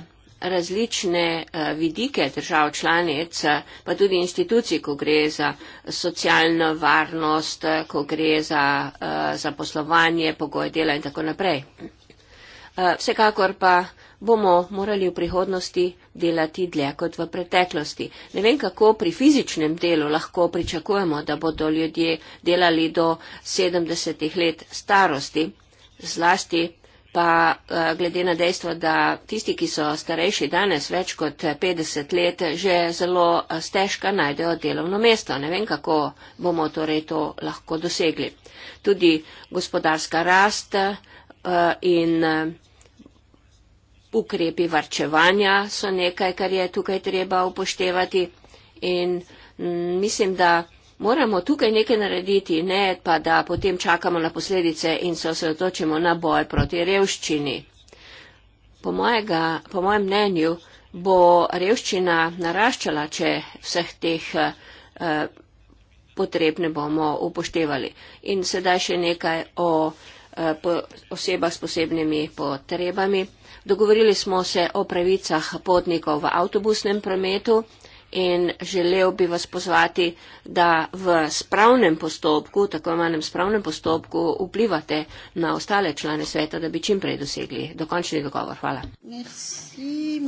različne eh, vidike držav članic, pa tudi institucij, ko gre za socialno varnost, ko gre za eh, zaposlovanje, pogoje dela in tako naprej. Eh, vsekakor pa bomo morali v prihodnosti delati dlje kot v preteklosti. Ne vem, kako pri fizičnem delu lahko pričakujemo, da bodo ljudje delali do 70 let starosti, zlasti pa eh, glede na dejstvo, da tisti, ki so starejši danes več kot 50 let, že zelo eh, stežka najdejo delovno mesto. Ne vem, kako bomo torej to lahko dosegli. Tudi gospodarska rast eh, in ukrepi varčevanja so nekaj, kar je tukaj treba upoštevati in mm, mislim, da moramo tukaj nekaj narediti, ne pa da potem čakamo na posledice in se osredotočimo na boj proti revščini. Po, mojega, po mojem mnenju bo revščina naraščala, če vseh teh eh, potreb ne bomo upoštevali. In sedaj še nekaj o eh, po, osebah s posebnimi potrebami. Dogovorili smo se o pravicah potnikov v avtobusnem prometu in želel bi vas pozvati, da v spravnem postopku, tako imenem spravnem postopku, vplivate na ostale člane sveta, da bi čim prej dosegli dokončni dogovor. Hvala. Merci,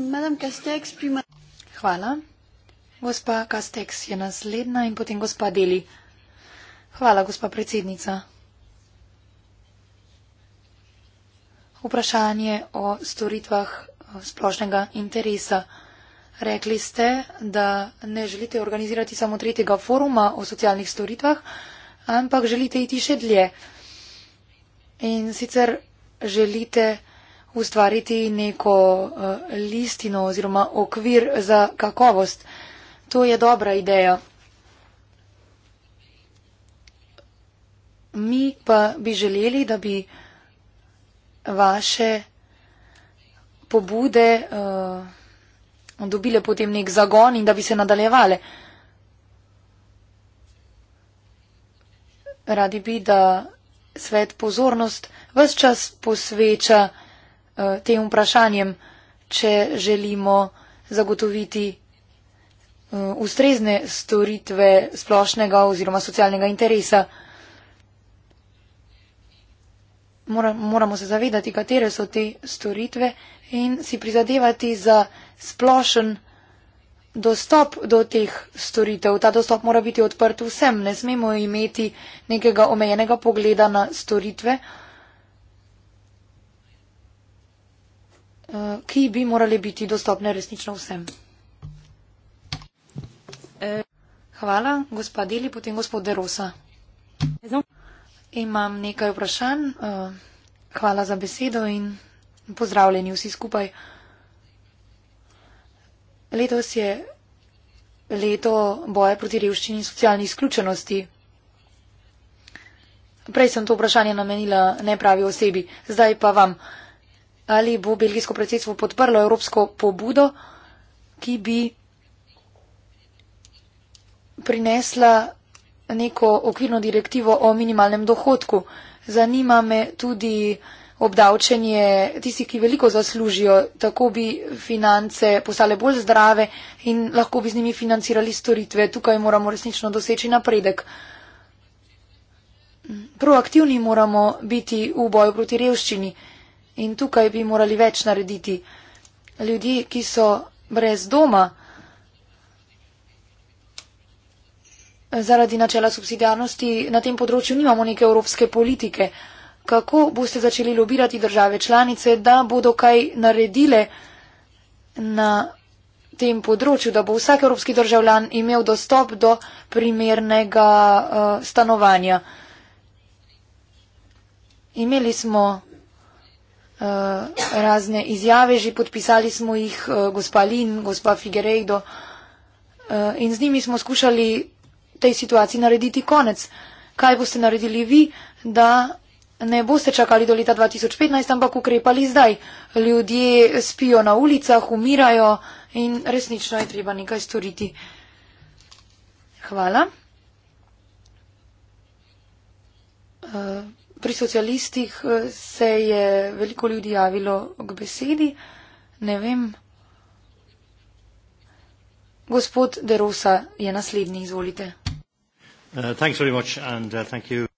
Hvala. Gospa Kastex je naslednja in potem gospa Deli. Hvala, gospa predsednica. vprašanje o storitvah eh, splošnega interesa. Rekli ste, da ne želite organizirati samo tretjega foruma o socialnih storitvah, ampak želite iti še dlje. In sicer želite ustvariti neko eh, listino oziroma okvir za kakovost. To je dobra ideja. Mi pa bi želeli, da bi vaše pobude uh, dobile potem nek zagon in da bi se nadaljevale. Radi bi, da svet pozornost vse čas posveča uh, tem vprašanjem, če želimo zagotoviti uh, ustrezne storitve splošnega oziroma socialnega interesa mora, moramo se zavedati, katere so te storitve in si prizadevati za splošen dostop do teh storitev. Ta dostop mora biti odprt vsem. Ne smemo imeti nekega omejenega pogleda na storitve, eh, ki bi morali biti dostopne resnično vsem. Eh. Hvala, gospod Deli, potem gospod Derosa. Imam nekaj vprašanj. Eh, hvala za besedo in pozdravljeni vsi skupaj. Letos je leto boja proti revščini in socialni izključenosti. Prej sem to vprašanje namenila ne pravi osebi, zdaj pa vam. Ali bo belgijsko predsedstvo podprlo evropsko pobudo, ki bi prinesla neko okvirno direktivo o minimalnem dohodku. Zanima me tudi obdavčenje tistih, ki veliko zaslužijo, tako bi finance postale bolj zdrave in lahko bi z njimi financirali storitve. Tukaj moramo resnično doseči napredek. Proaktivni moramo biti v boju proti revščini in tukaj bi morali več narediti. Ljudje, ki so brez doma, Zaradi načela subsidijarnosti na tem področju nimamo neke evropske politike. Kako boste začeli lobirati države članice, da bodo kaj naredile na tem področju, da bo vsak evropski državljan imel dostop do primernega uh, stanovanja? Imeli smo uh, razne izjave, že podpisali smo jih uh, gospa Lin, gospa Figueiredo uh, in z njimi smo skušali tej situaciji narediti konec. Kaj boste naredili vi, da ne boste čakali do leta 2015, ampak ukrepali zdaj? Ljudje spijo na ulicah, umirajo in resnično je treba nekaj storiti. Hvala. Eh, pri socialistih eh, se je veliko ljudi javilo k besedi. Ne vem. Gospod Derosa je naslednji, izvolite. Uh, thanks very much and uh, thank you for your comments.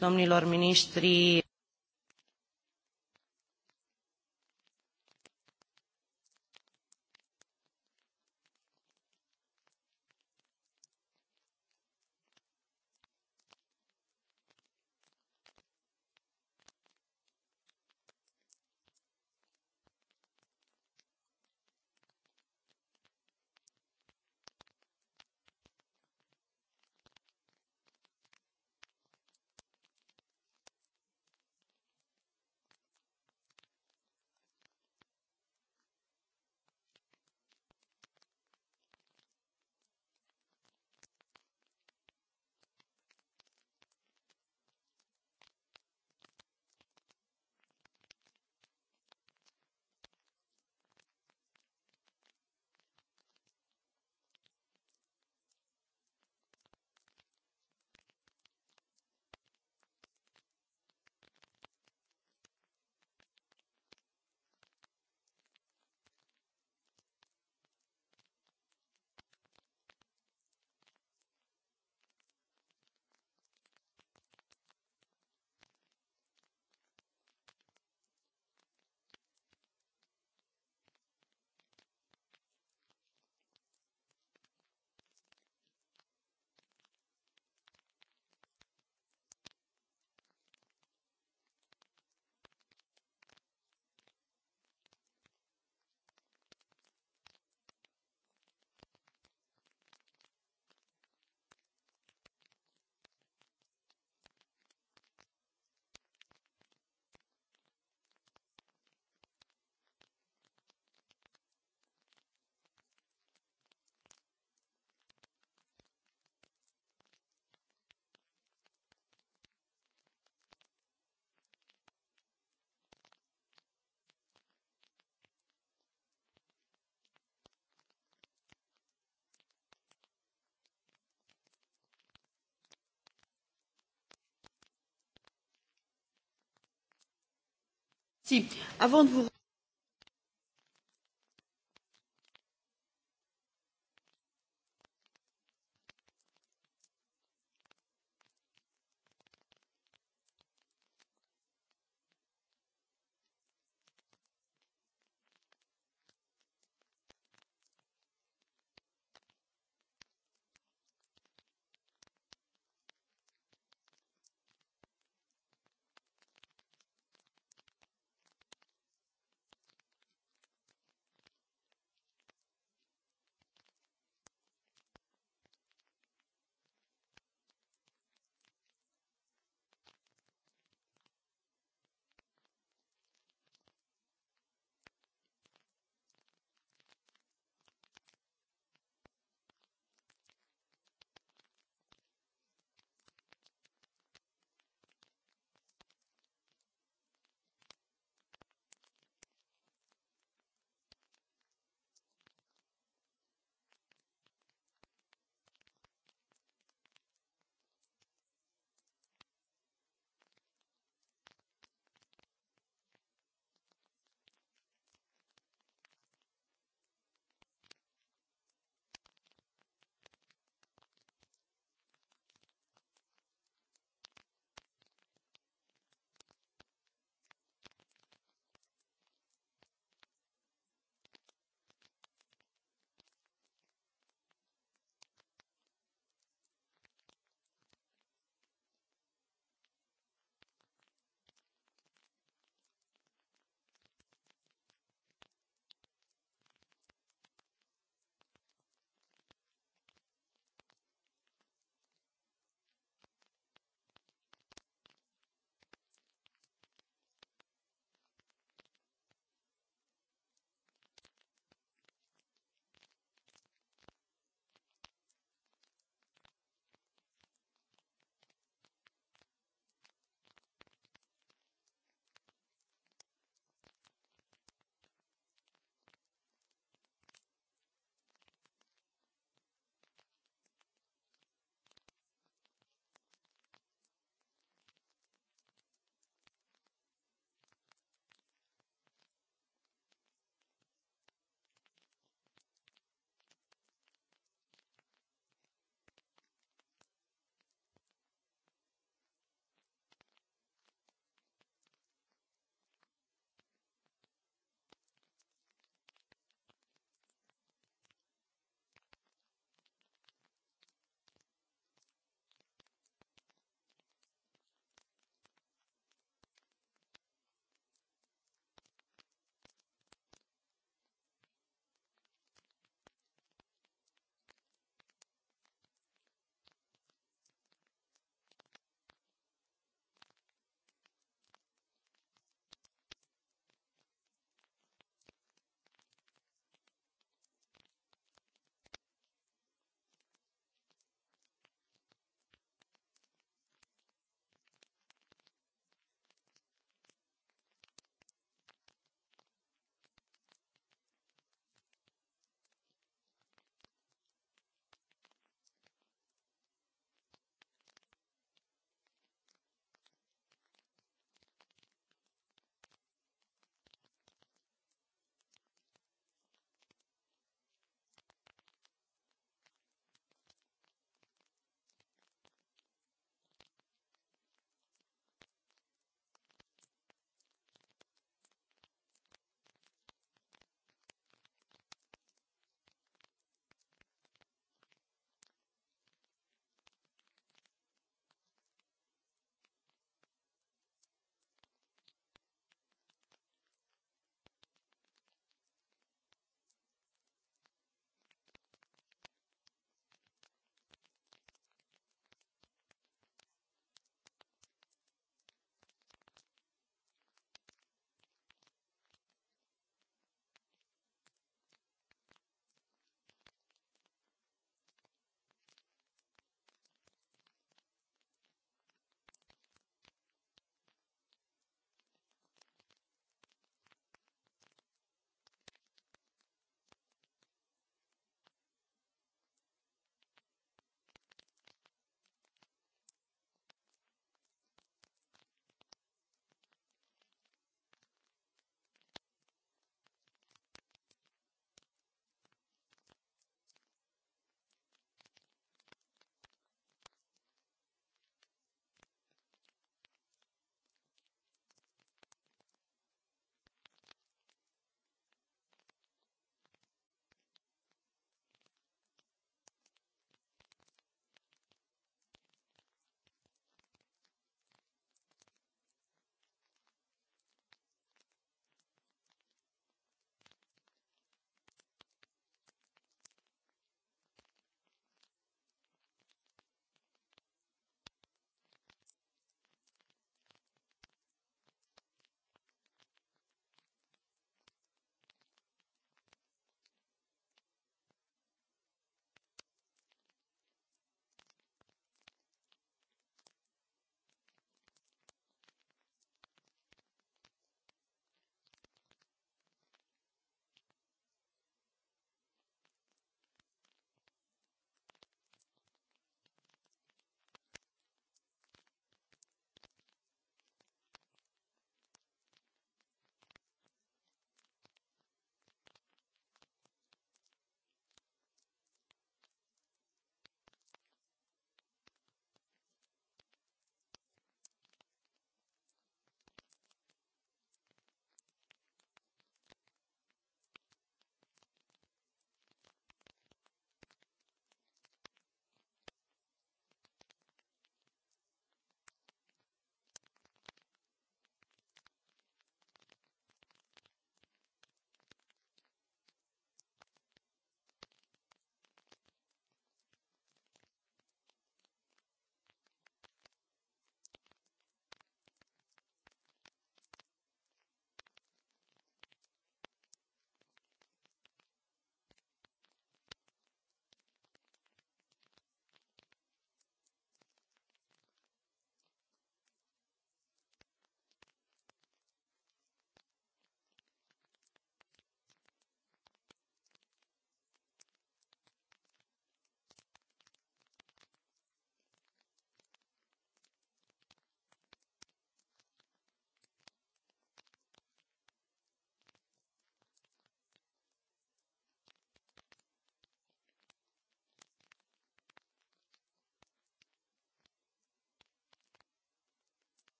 domnilor miniștri Merci. Avant de vous...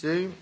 Sim.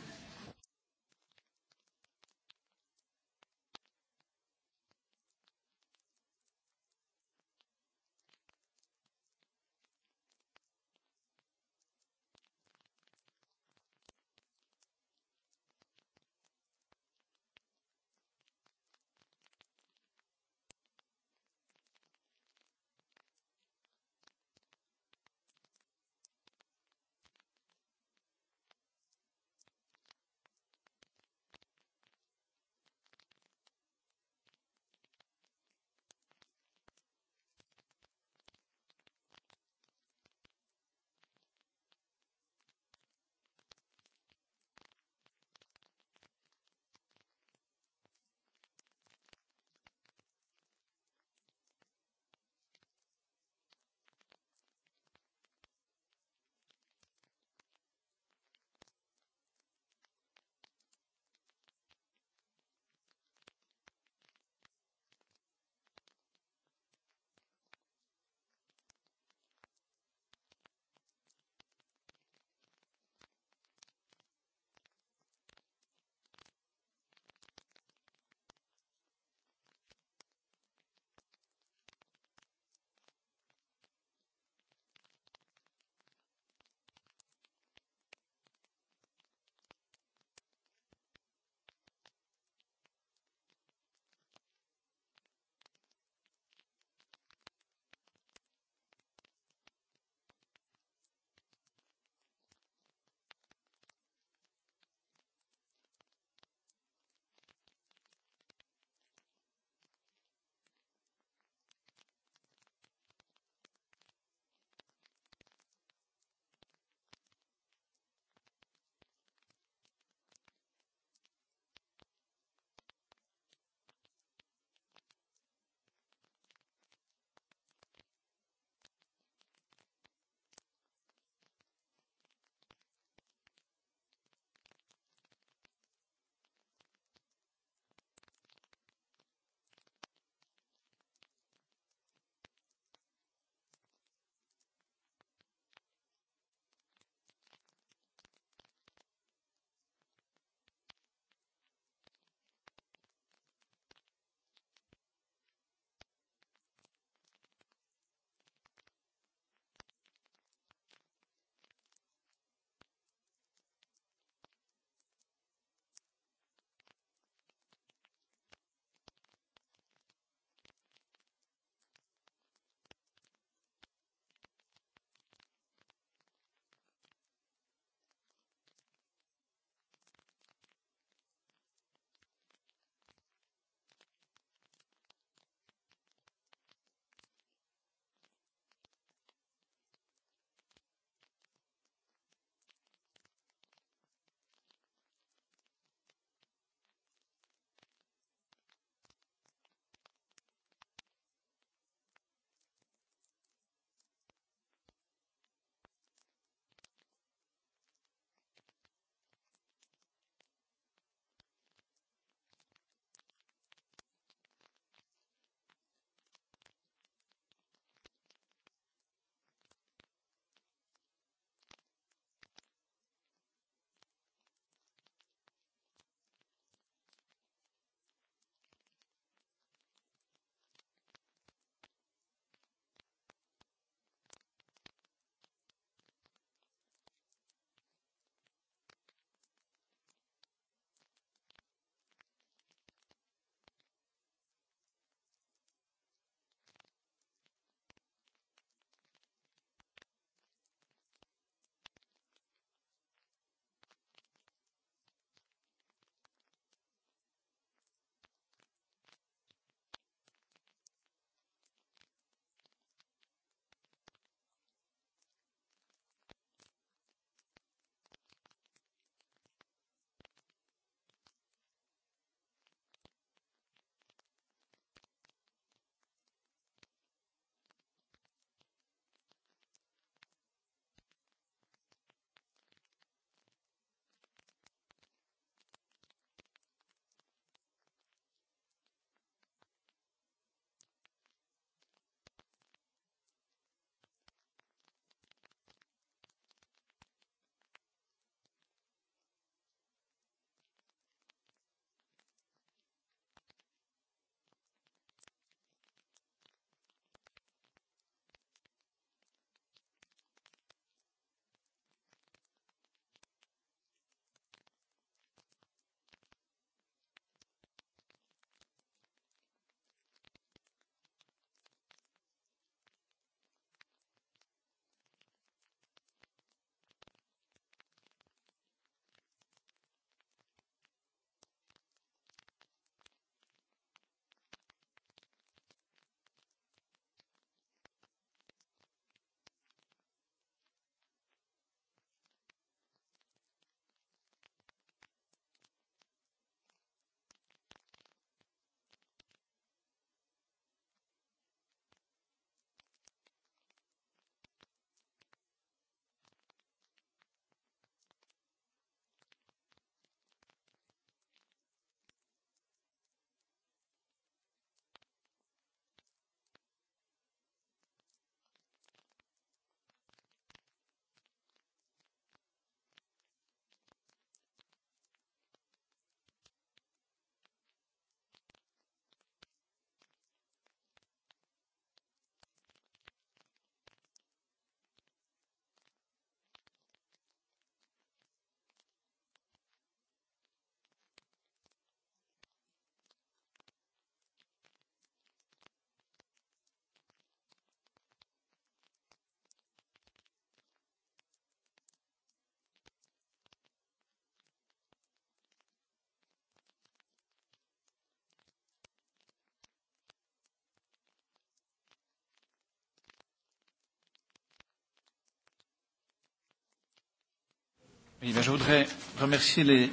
Eh bien, je voudrais remercier les,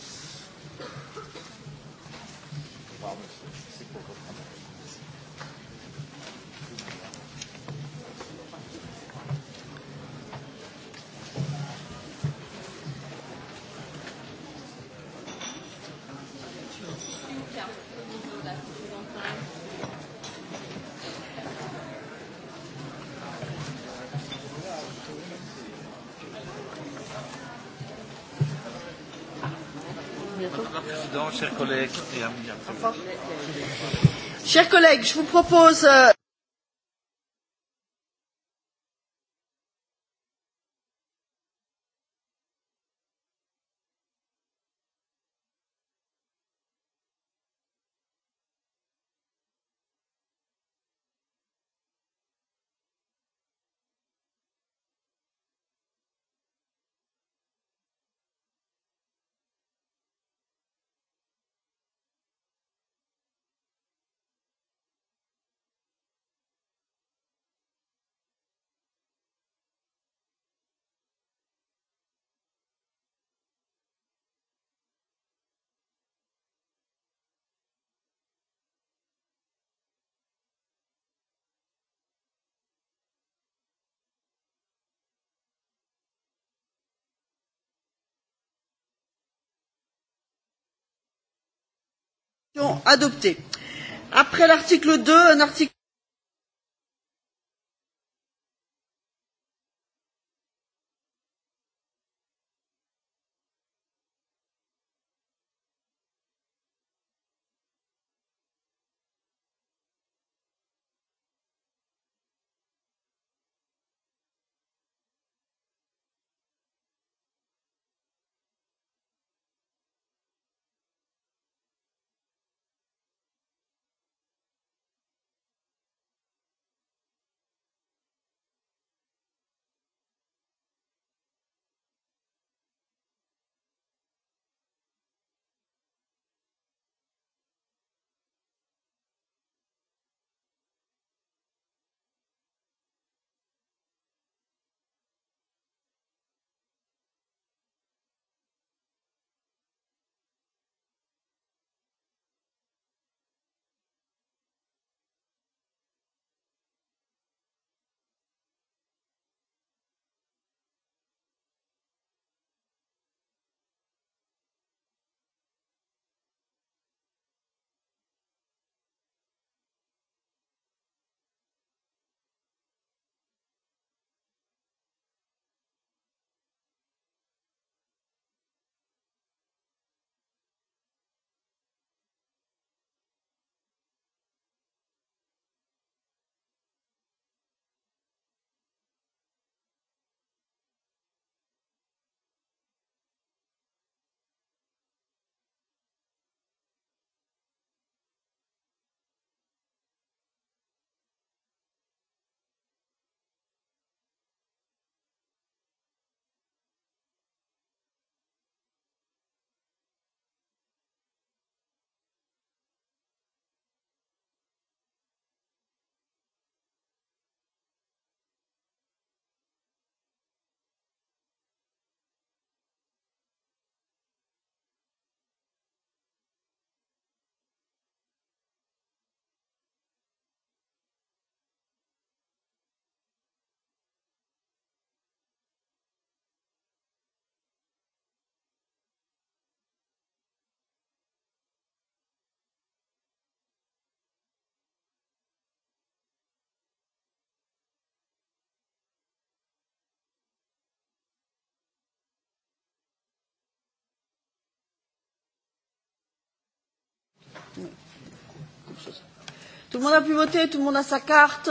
Président, chers collègues, chers collègues, je vous propose. Euh, adoptée. après l'article deux un article. Tout le monde a pu voter, tout le monde a sa carte.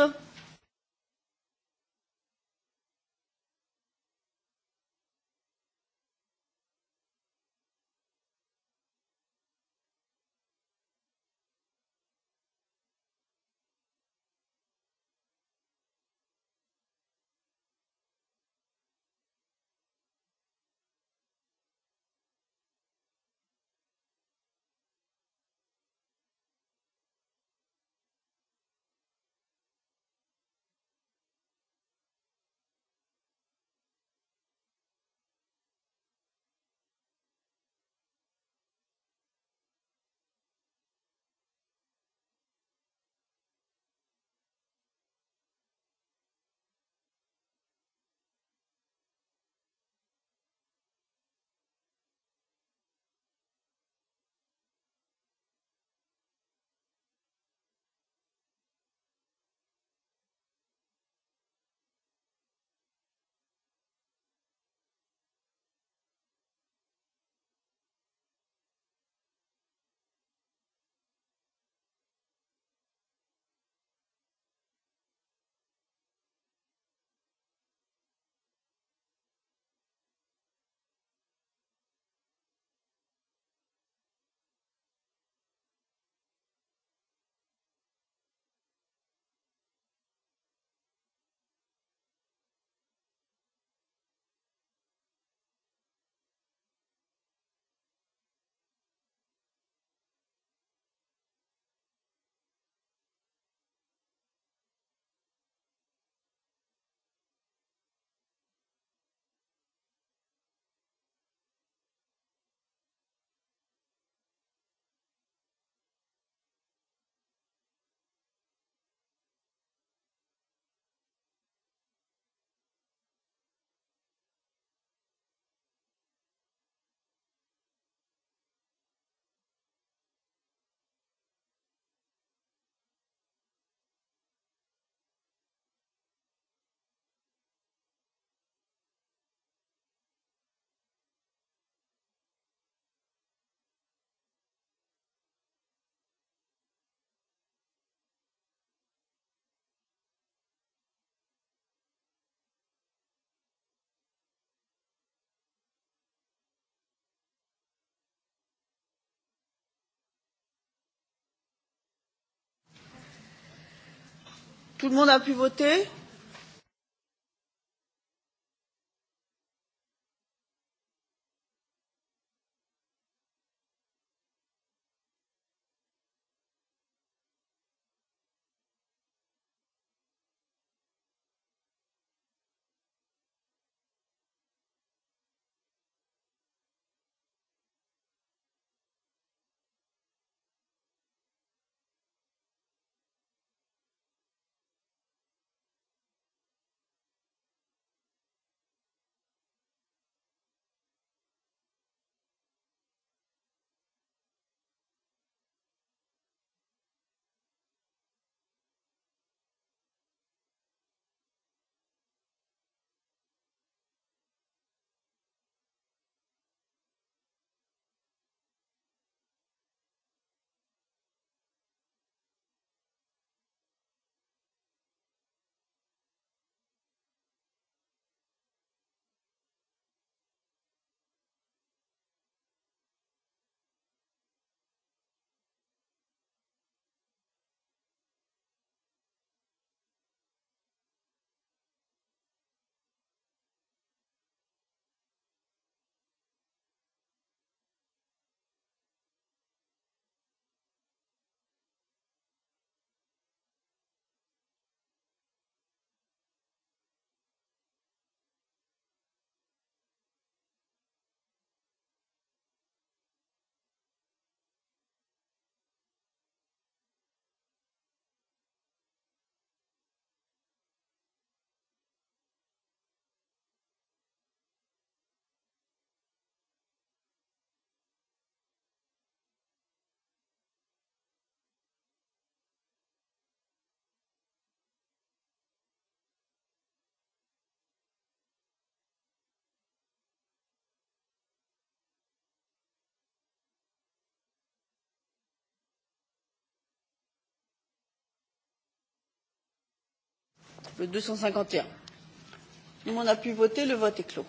tout le monde a pu voter? deux cent cinquante et un nous n'avons pas pu voter le vote est clos.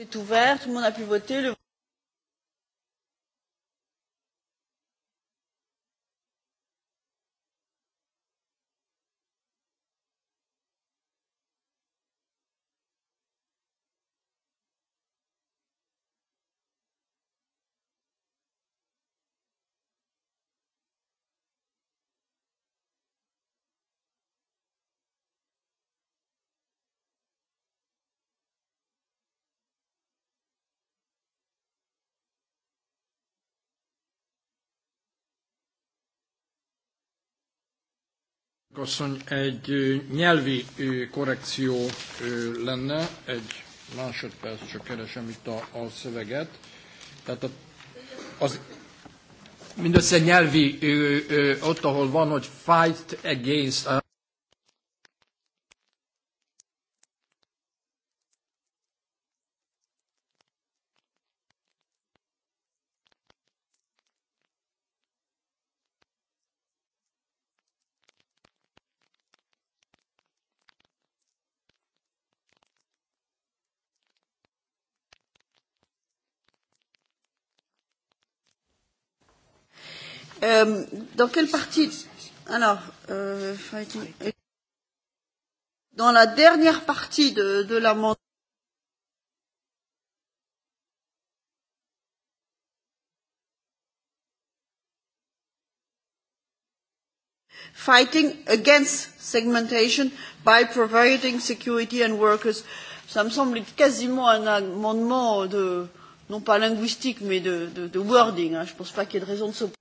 est ouvert. tout le monde a pu voter. Köszönj. Egy nyelvi korrekció lenne, egy másodperc, csak keresem itt a, a szöveget. Tehát a, az mindössze nyelvi ott, ahol van, hogy fight against... Euh, dans quelle partie Alors, euh, dans la dernière partie de, de l'amendement. Fighting against segmentation by providing security and workers. Ça me semble être quasiment un amendement de, non pas linguistique, mais de, de, de wording. Hein. Je ne pense pas qu'il y ait de raison de s'opposer.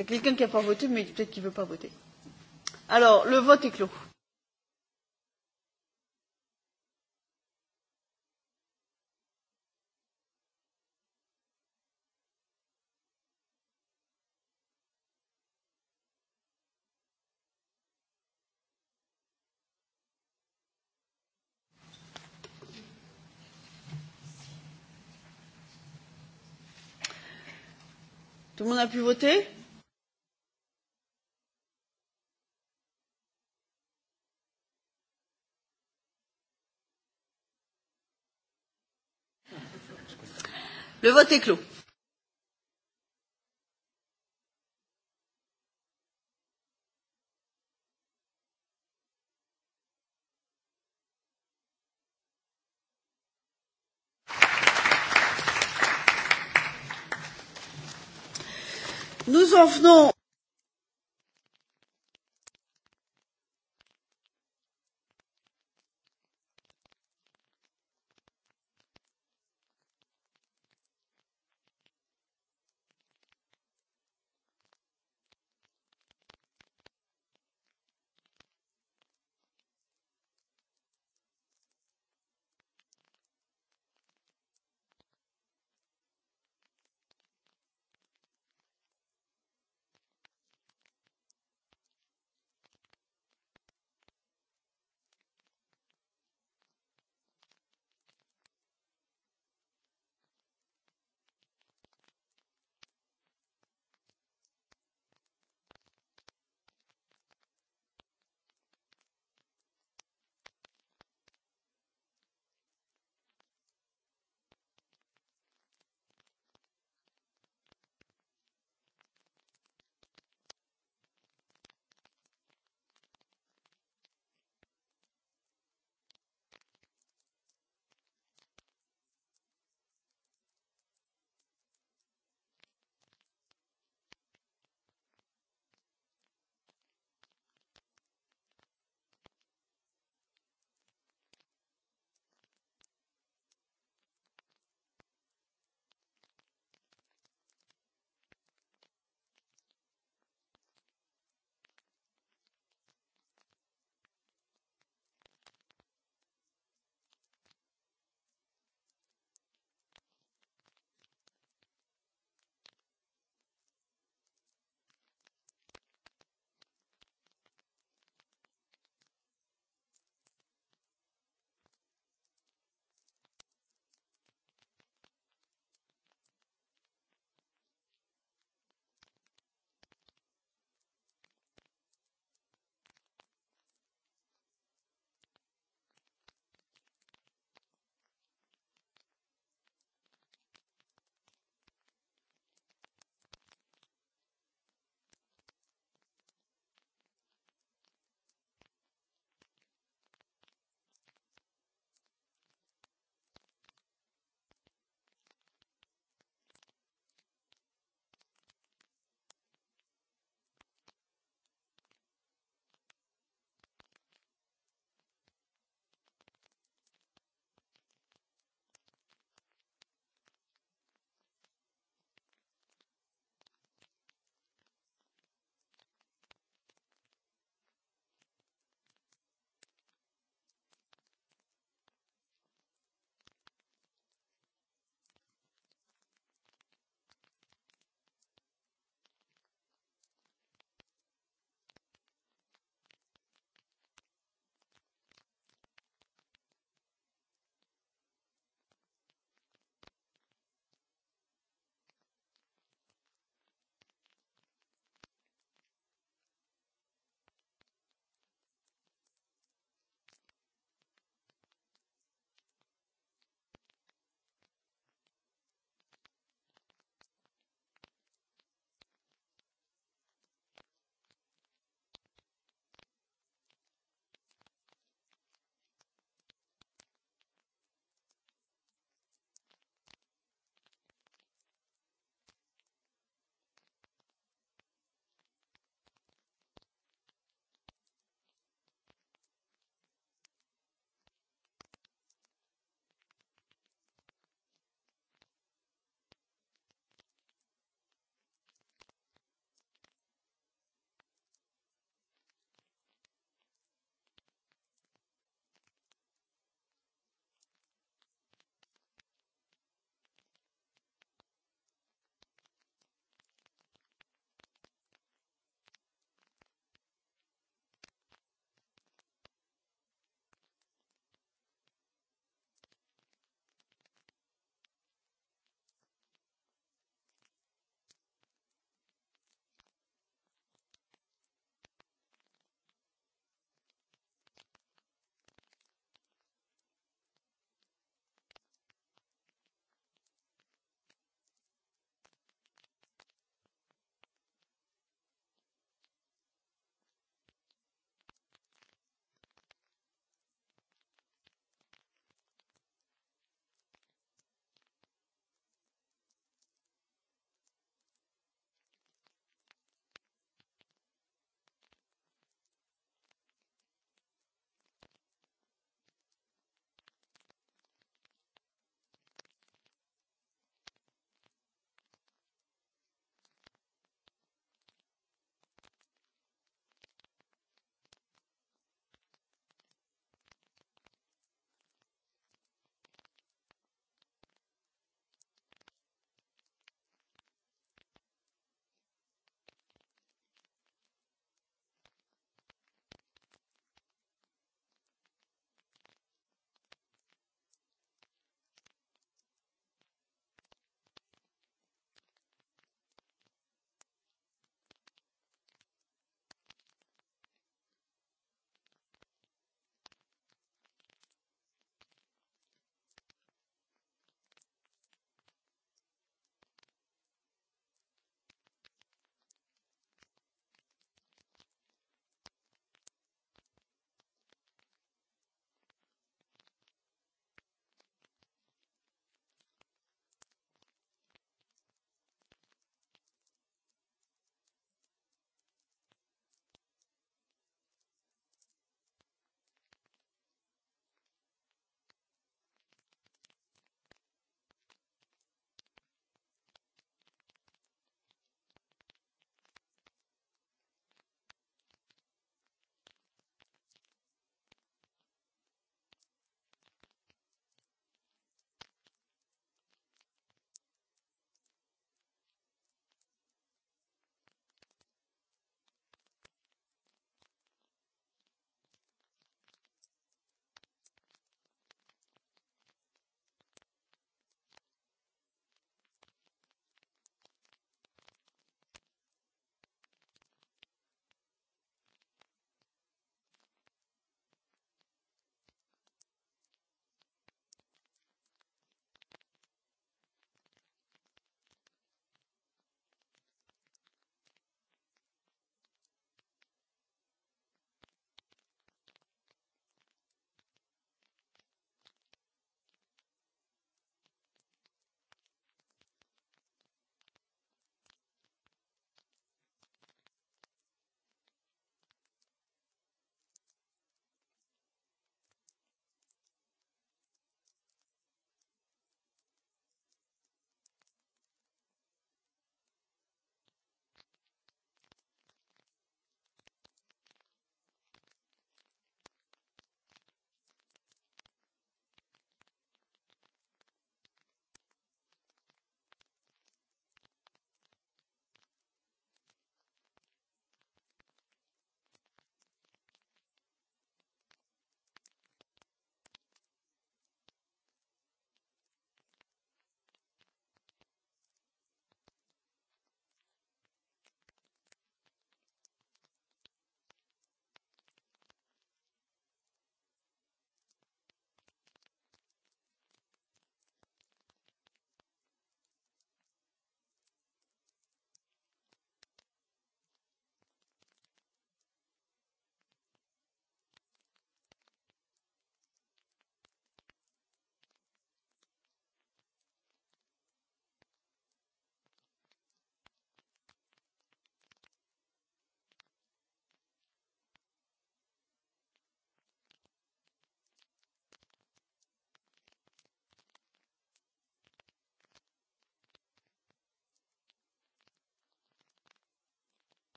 y a quelqu'un qui n'a pas voté mais peut-être qu'il ne veut pas voter. Alors, le vote est clos. Tout le monde a pu voter Le vote est clos. Nous en venons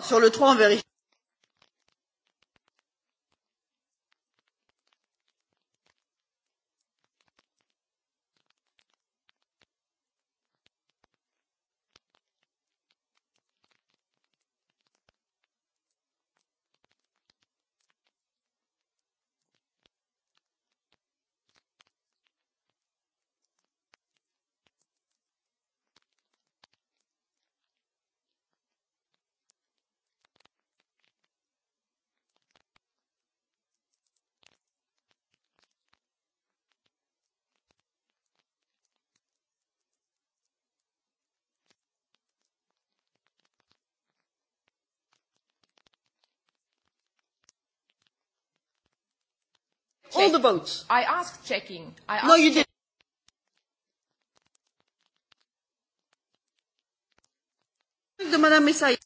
Sur le 3, on vérifie. Check. All the boats. I asked checking. I asked no, you didn't. The Madame Messiah.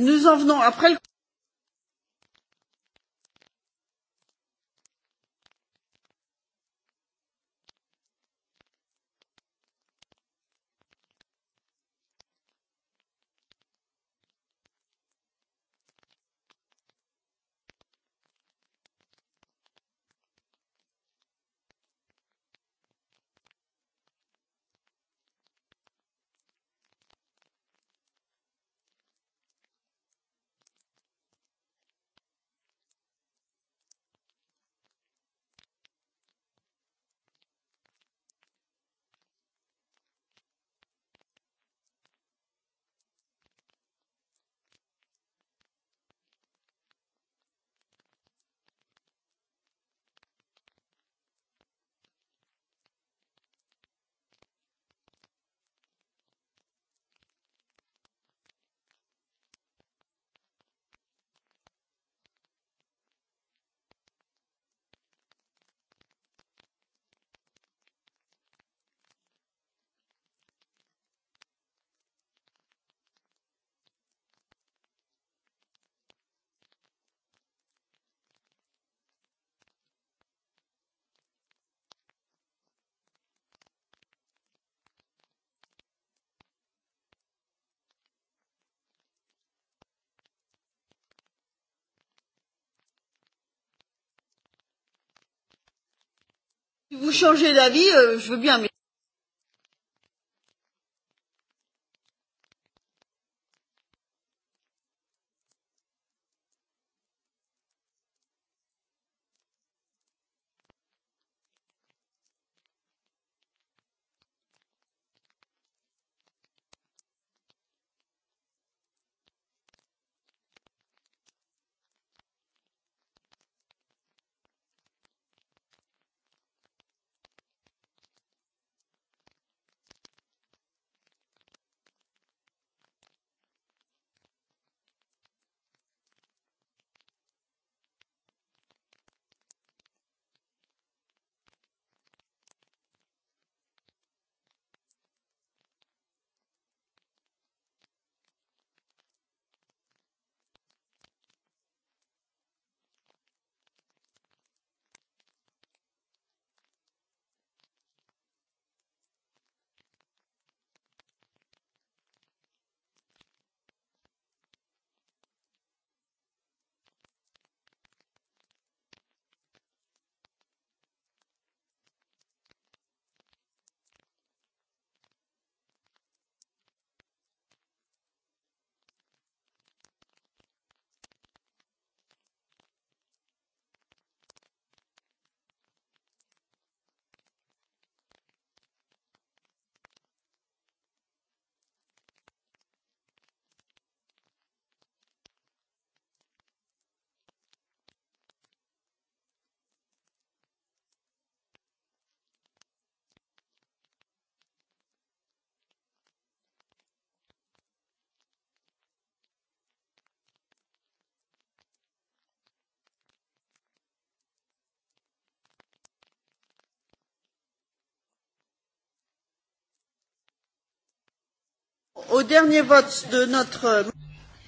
nous en venons après. Si vous changez d'avis, euh, je veux bien. Mais...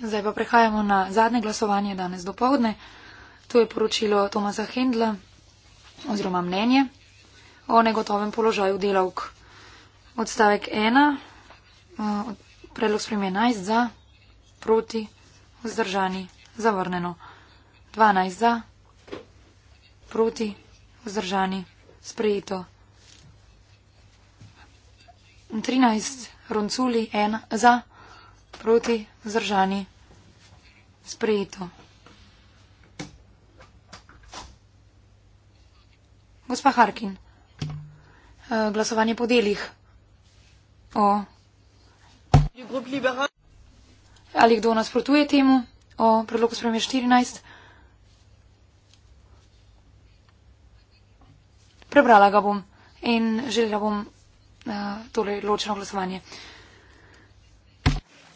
Zdaj pa prehajamo na zadnje glasovanje danes do povdne. To je poročilo Tomasa Hendla oziroma mnenje o negotovem položaju delavk. Odstavek 1, eh, predlog sprem 11 za, proti, vzdržani, zavrneno. 12 za, proti, vzdržani, sprejeto. 13 za. Bronculi, en za, proti, zdržani, sprejeto. Gospa Harkin, eh, glasovanje po delih. O. Ali kdo nasprotuje temu o predlogu spremlja 14? Prebrala ga bom in želela bom uh, eh, tole ločeno glasovanje.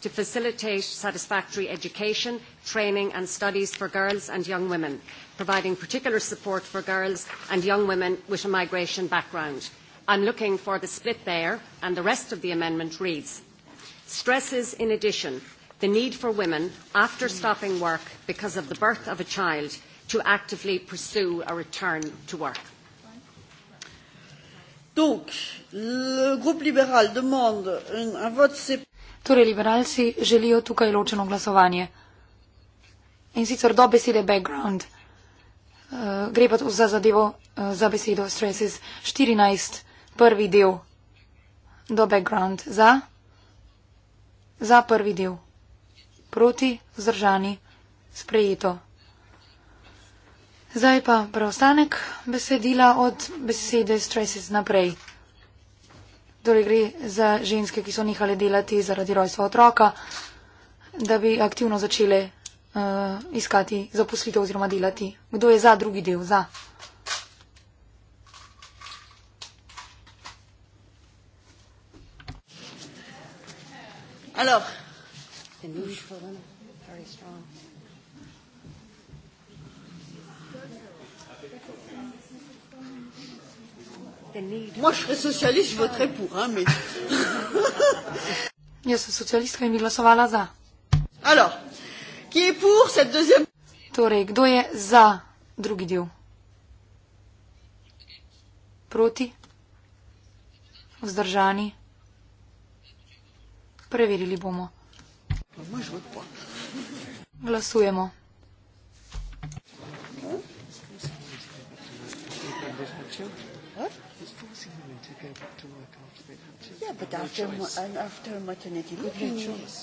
To facilitate satisfactory education, training and studies for girls and young women, providing particular support for girls and young women with a migration background. I'm looking for the split there and the rest of the amendment reads. Stresses in addition the need for women after stopping work because of the birth of a child to actively pursue a return to work. Torej, liberalci želijo tukaj ločeno glasovanje. In sicer do besede background. Uh, gre pa tu za zadevo, uh, za besedo stresses 14, prvi del. Do background. Za. Za prvi del. Proti, zdržani, sprejeto. Zdaj pa preostanek besedila od besede stresses naprej. Torej gre za ženske, ki so nehale delati zaradi rojstva otroka, da bi aktivno začele uh, iskati zaposlitev oziroma delati. Kdo je za drugi del? Za. Hello. Can you wish for one? Moi, je serais socialiste, je voterais pour, hein, mais. Je suis socialiste, je vais voter pour. Alors, qui est pour cette deuxième. Torej, kdo je za drugi del? Proti? Vzdržani? Preverili bomo. Glasujemo. Hvala able to work after the baptism. Yeah, but no after, mo- after maternity no leave. Good choice.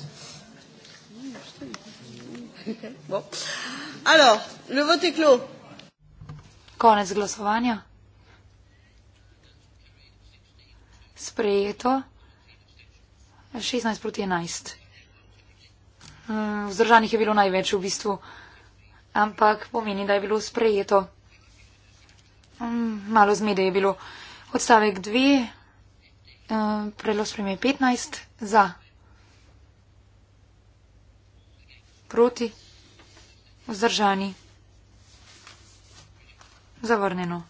Bon. Alors, le vote est clos. Konec glasovanja. Sprejeto. 16 proti 11. Mm, vzdržanih je bilo največ v bistvu, ampak pomeni, da je bilo sprejeto. Mm, malo zmede je bilo. Odstavek 2, prelos premije 15, za. Proti. Vzdržani. Zavrnjeno.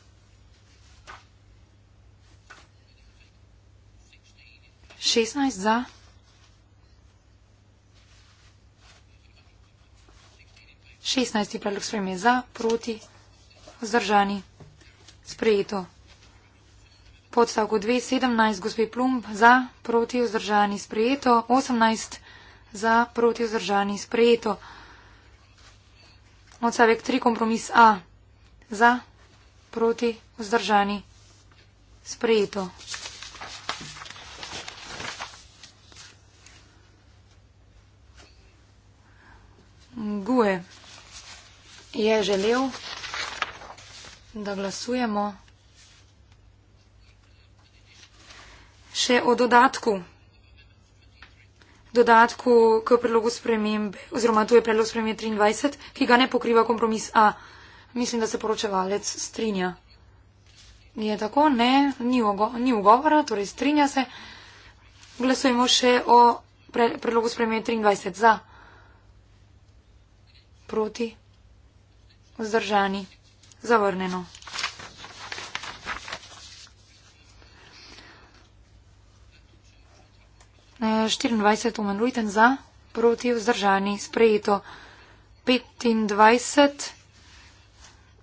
Šestnajst za. Šestnajsti predlog sprejme za, proti, vzdržani, sprejeto podstavku 217 gospe Plumb za proti vzdržani sprejeto, 18 za proti vzdržani sprejeto. Odstavek 3 kompromis A za proti vzdržani sprejeto. Gue je želel, da glasujemo še o dodatku. Dodatku k predlogu spremembe, oziroma to je predlog spremembe 23, ki ga ne pokriva kompromis A. Mislim, da se poročevalec strinja. Je tako? Ne, ni, ogo, ni ugovora, torej strinja se. Glasujemo še o pre, predlogu spremembe 23 za. Proti. Vzdržani. Zavrneno. 24 omenujten za, proti vzdržani, sprejeto. 25,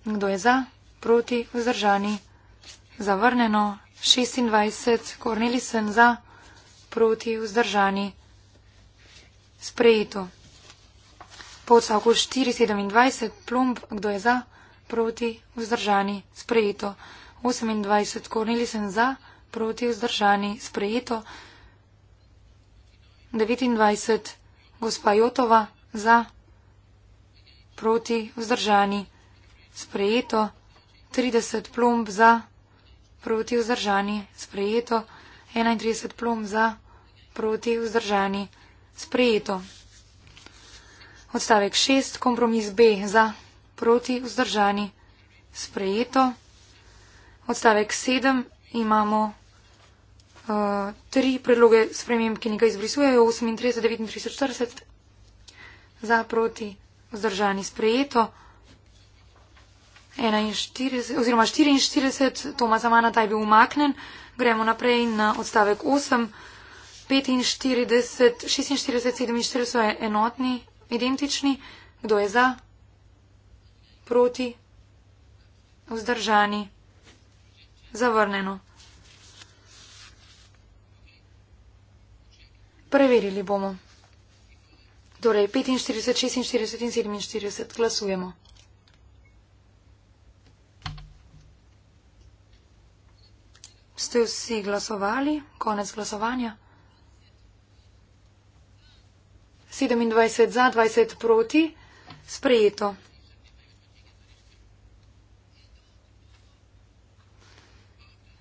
kdo je za, proti vzdržani, zavrnjeno. 26, Korneli sem za, proti vzdržani, sprejeto. Po odstavku 427, plumb, kdo je za, proti vzdržani, sprejeto. 28, Korneli sem za, proti vzdržani, sprejeto. 29, gospa Jotova za, proti, vzdržani, sprejeto, 30 plomb za, proti, vzdržani, sprejeto, 31 plomb za, proti, vzdržani, sprejeto. Odstavek 6, kompromis B za, proti, vzdržani, sprejeto. Odstavek 7 imamo uh, tri predloge sprememb, ki nekaj izbrisujejo, 38, 39, 40, za proti vzdržani sprejeto, 41, oziroma 44, Toma Zamana taj bil umaknen, gremo naprej na odstavek 8, 45, 46, 47 so enotni, identični, kdo je za, proti, vzdržani, zavrneno. Preverili bomo. Torej, 45, 46 in 47 glasujemo. Ste vsi glasovali? Konec glasovanja. 27 za, 20 proti. Sprejeto.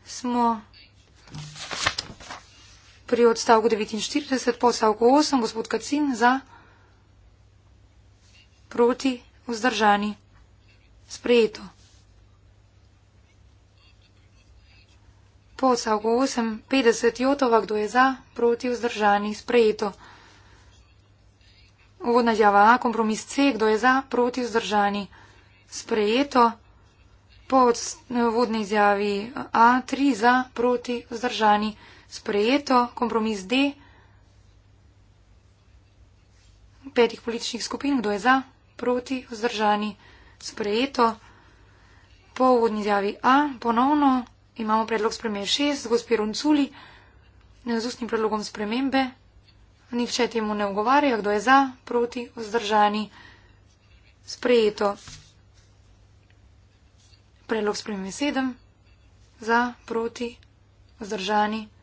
Smo pri odstavku 49, podstavku 8, gospod Kacin za proti vzdržani. Sprejeto. Podstavku 8, 50 Jotova, kdo je za proti vzdržani. Sprejeto. Uvodna java A, kompromis C, kdo je za proti vzdržani. Sprejeto. Po vodni izjavi A3 za proti vzdržani sprejeto, kompromis D petih političnih skupin, kdo je za, proti, vzdržani, sprejeto. Po uvodni izjavi A ponovno imamo predlog spremembe 6 z gospe Runculi, z ustnim predlogom spremembe. Nihče temu ne ogovarja, kdo je za, proti, vzdržani, sprejeto. Predlog spremembe 7 za, proti, vzdržani, sprejeto.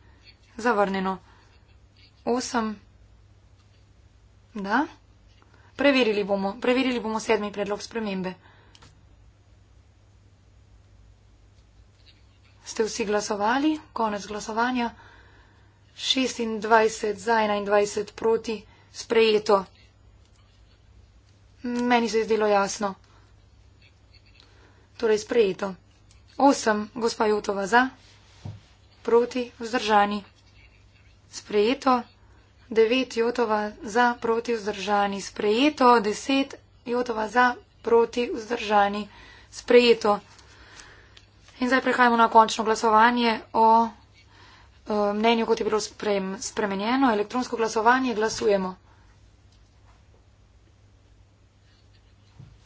Zavrnjeno. Osem. Da? Preverili bomo. Preverili bomo sedmi predlog spremembe. Ste vsi glasovali? Konec glasovanja. 26 za 21 proti. Sprejeto. Meni se je zdelo jasno. Torej, sprejeto. 8. Gospa Jutova za. Proti. Vzdržani sprejeto, 9 jotova za proti vzdržani sprejeto, 10 jotova za proti vzdržani sprejeto. In zdaj prehajamo na končno glasovanje o eh, mnenju, kot je bilo spremenjeno, elektronsko glasovanje, glasujemo.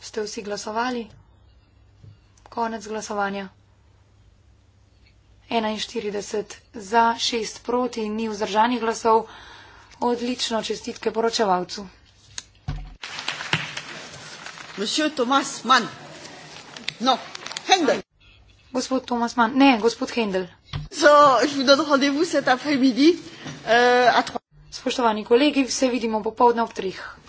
Ste vsi glasovali? Konec glasovanja. 41 za, 6 proti in ni vzdržanih glasov. Odlično čestitke poročevalcu. Monsieur Tomas Mann. No, Hendel. Gospod Tomas Mann, ne, gospod Hendel. So, je vous donne rendez-vous cet après-midi, euh, à 3. Spoštovani kolegi, se vidimo popovdne ob 3.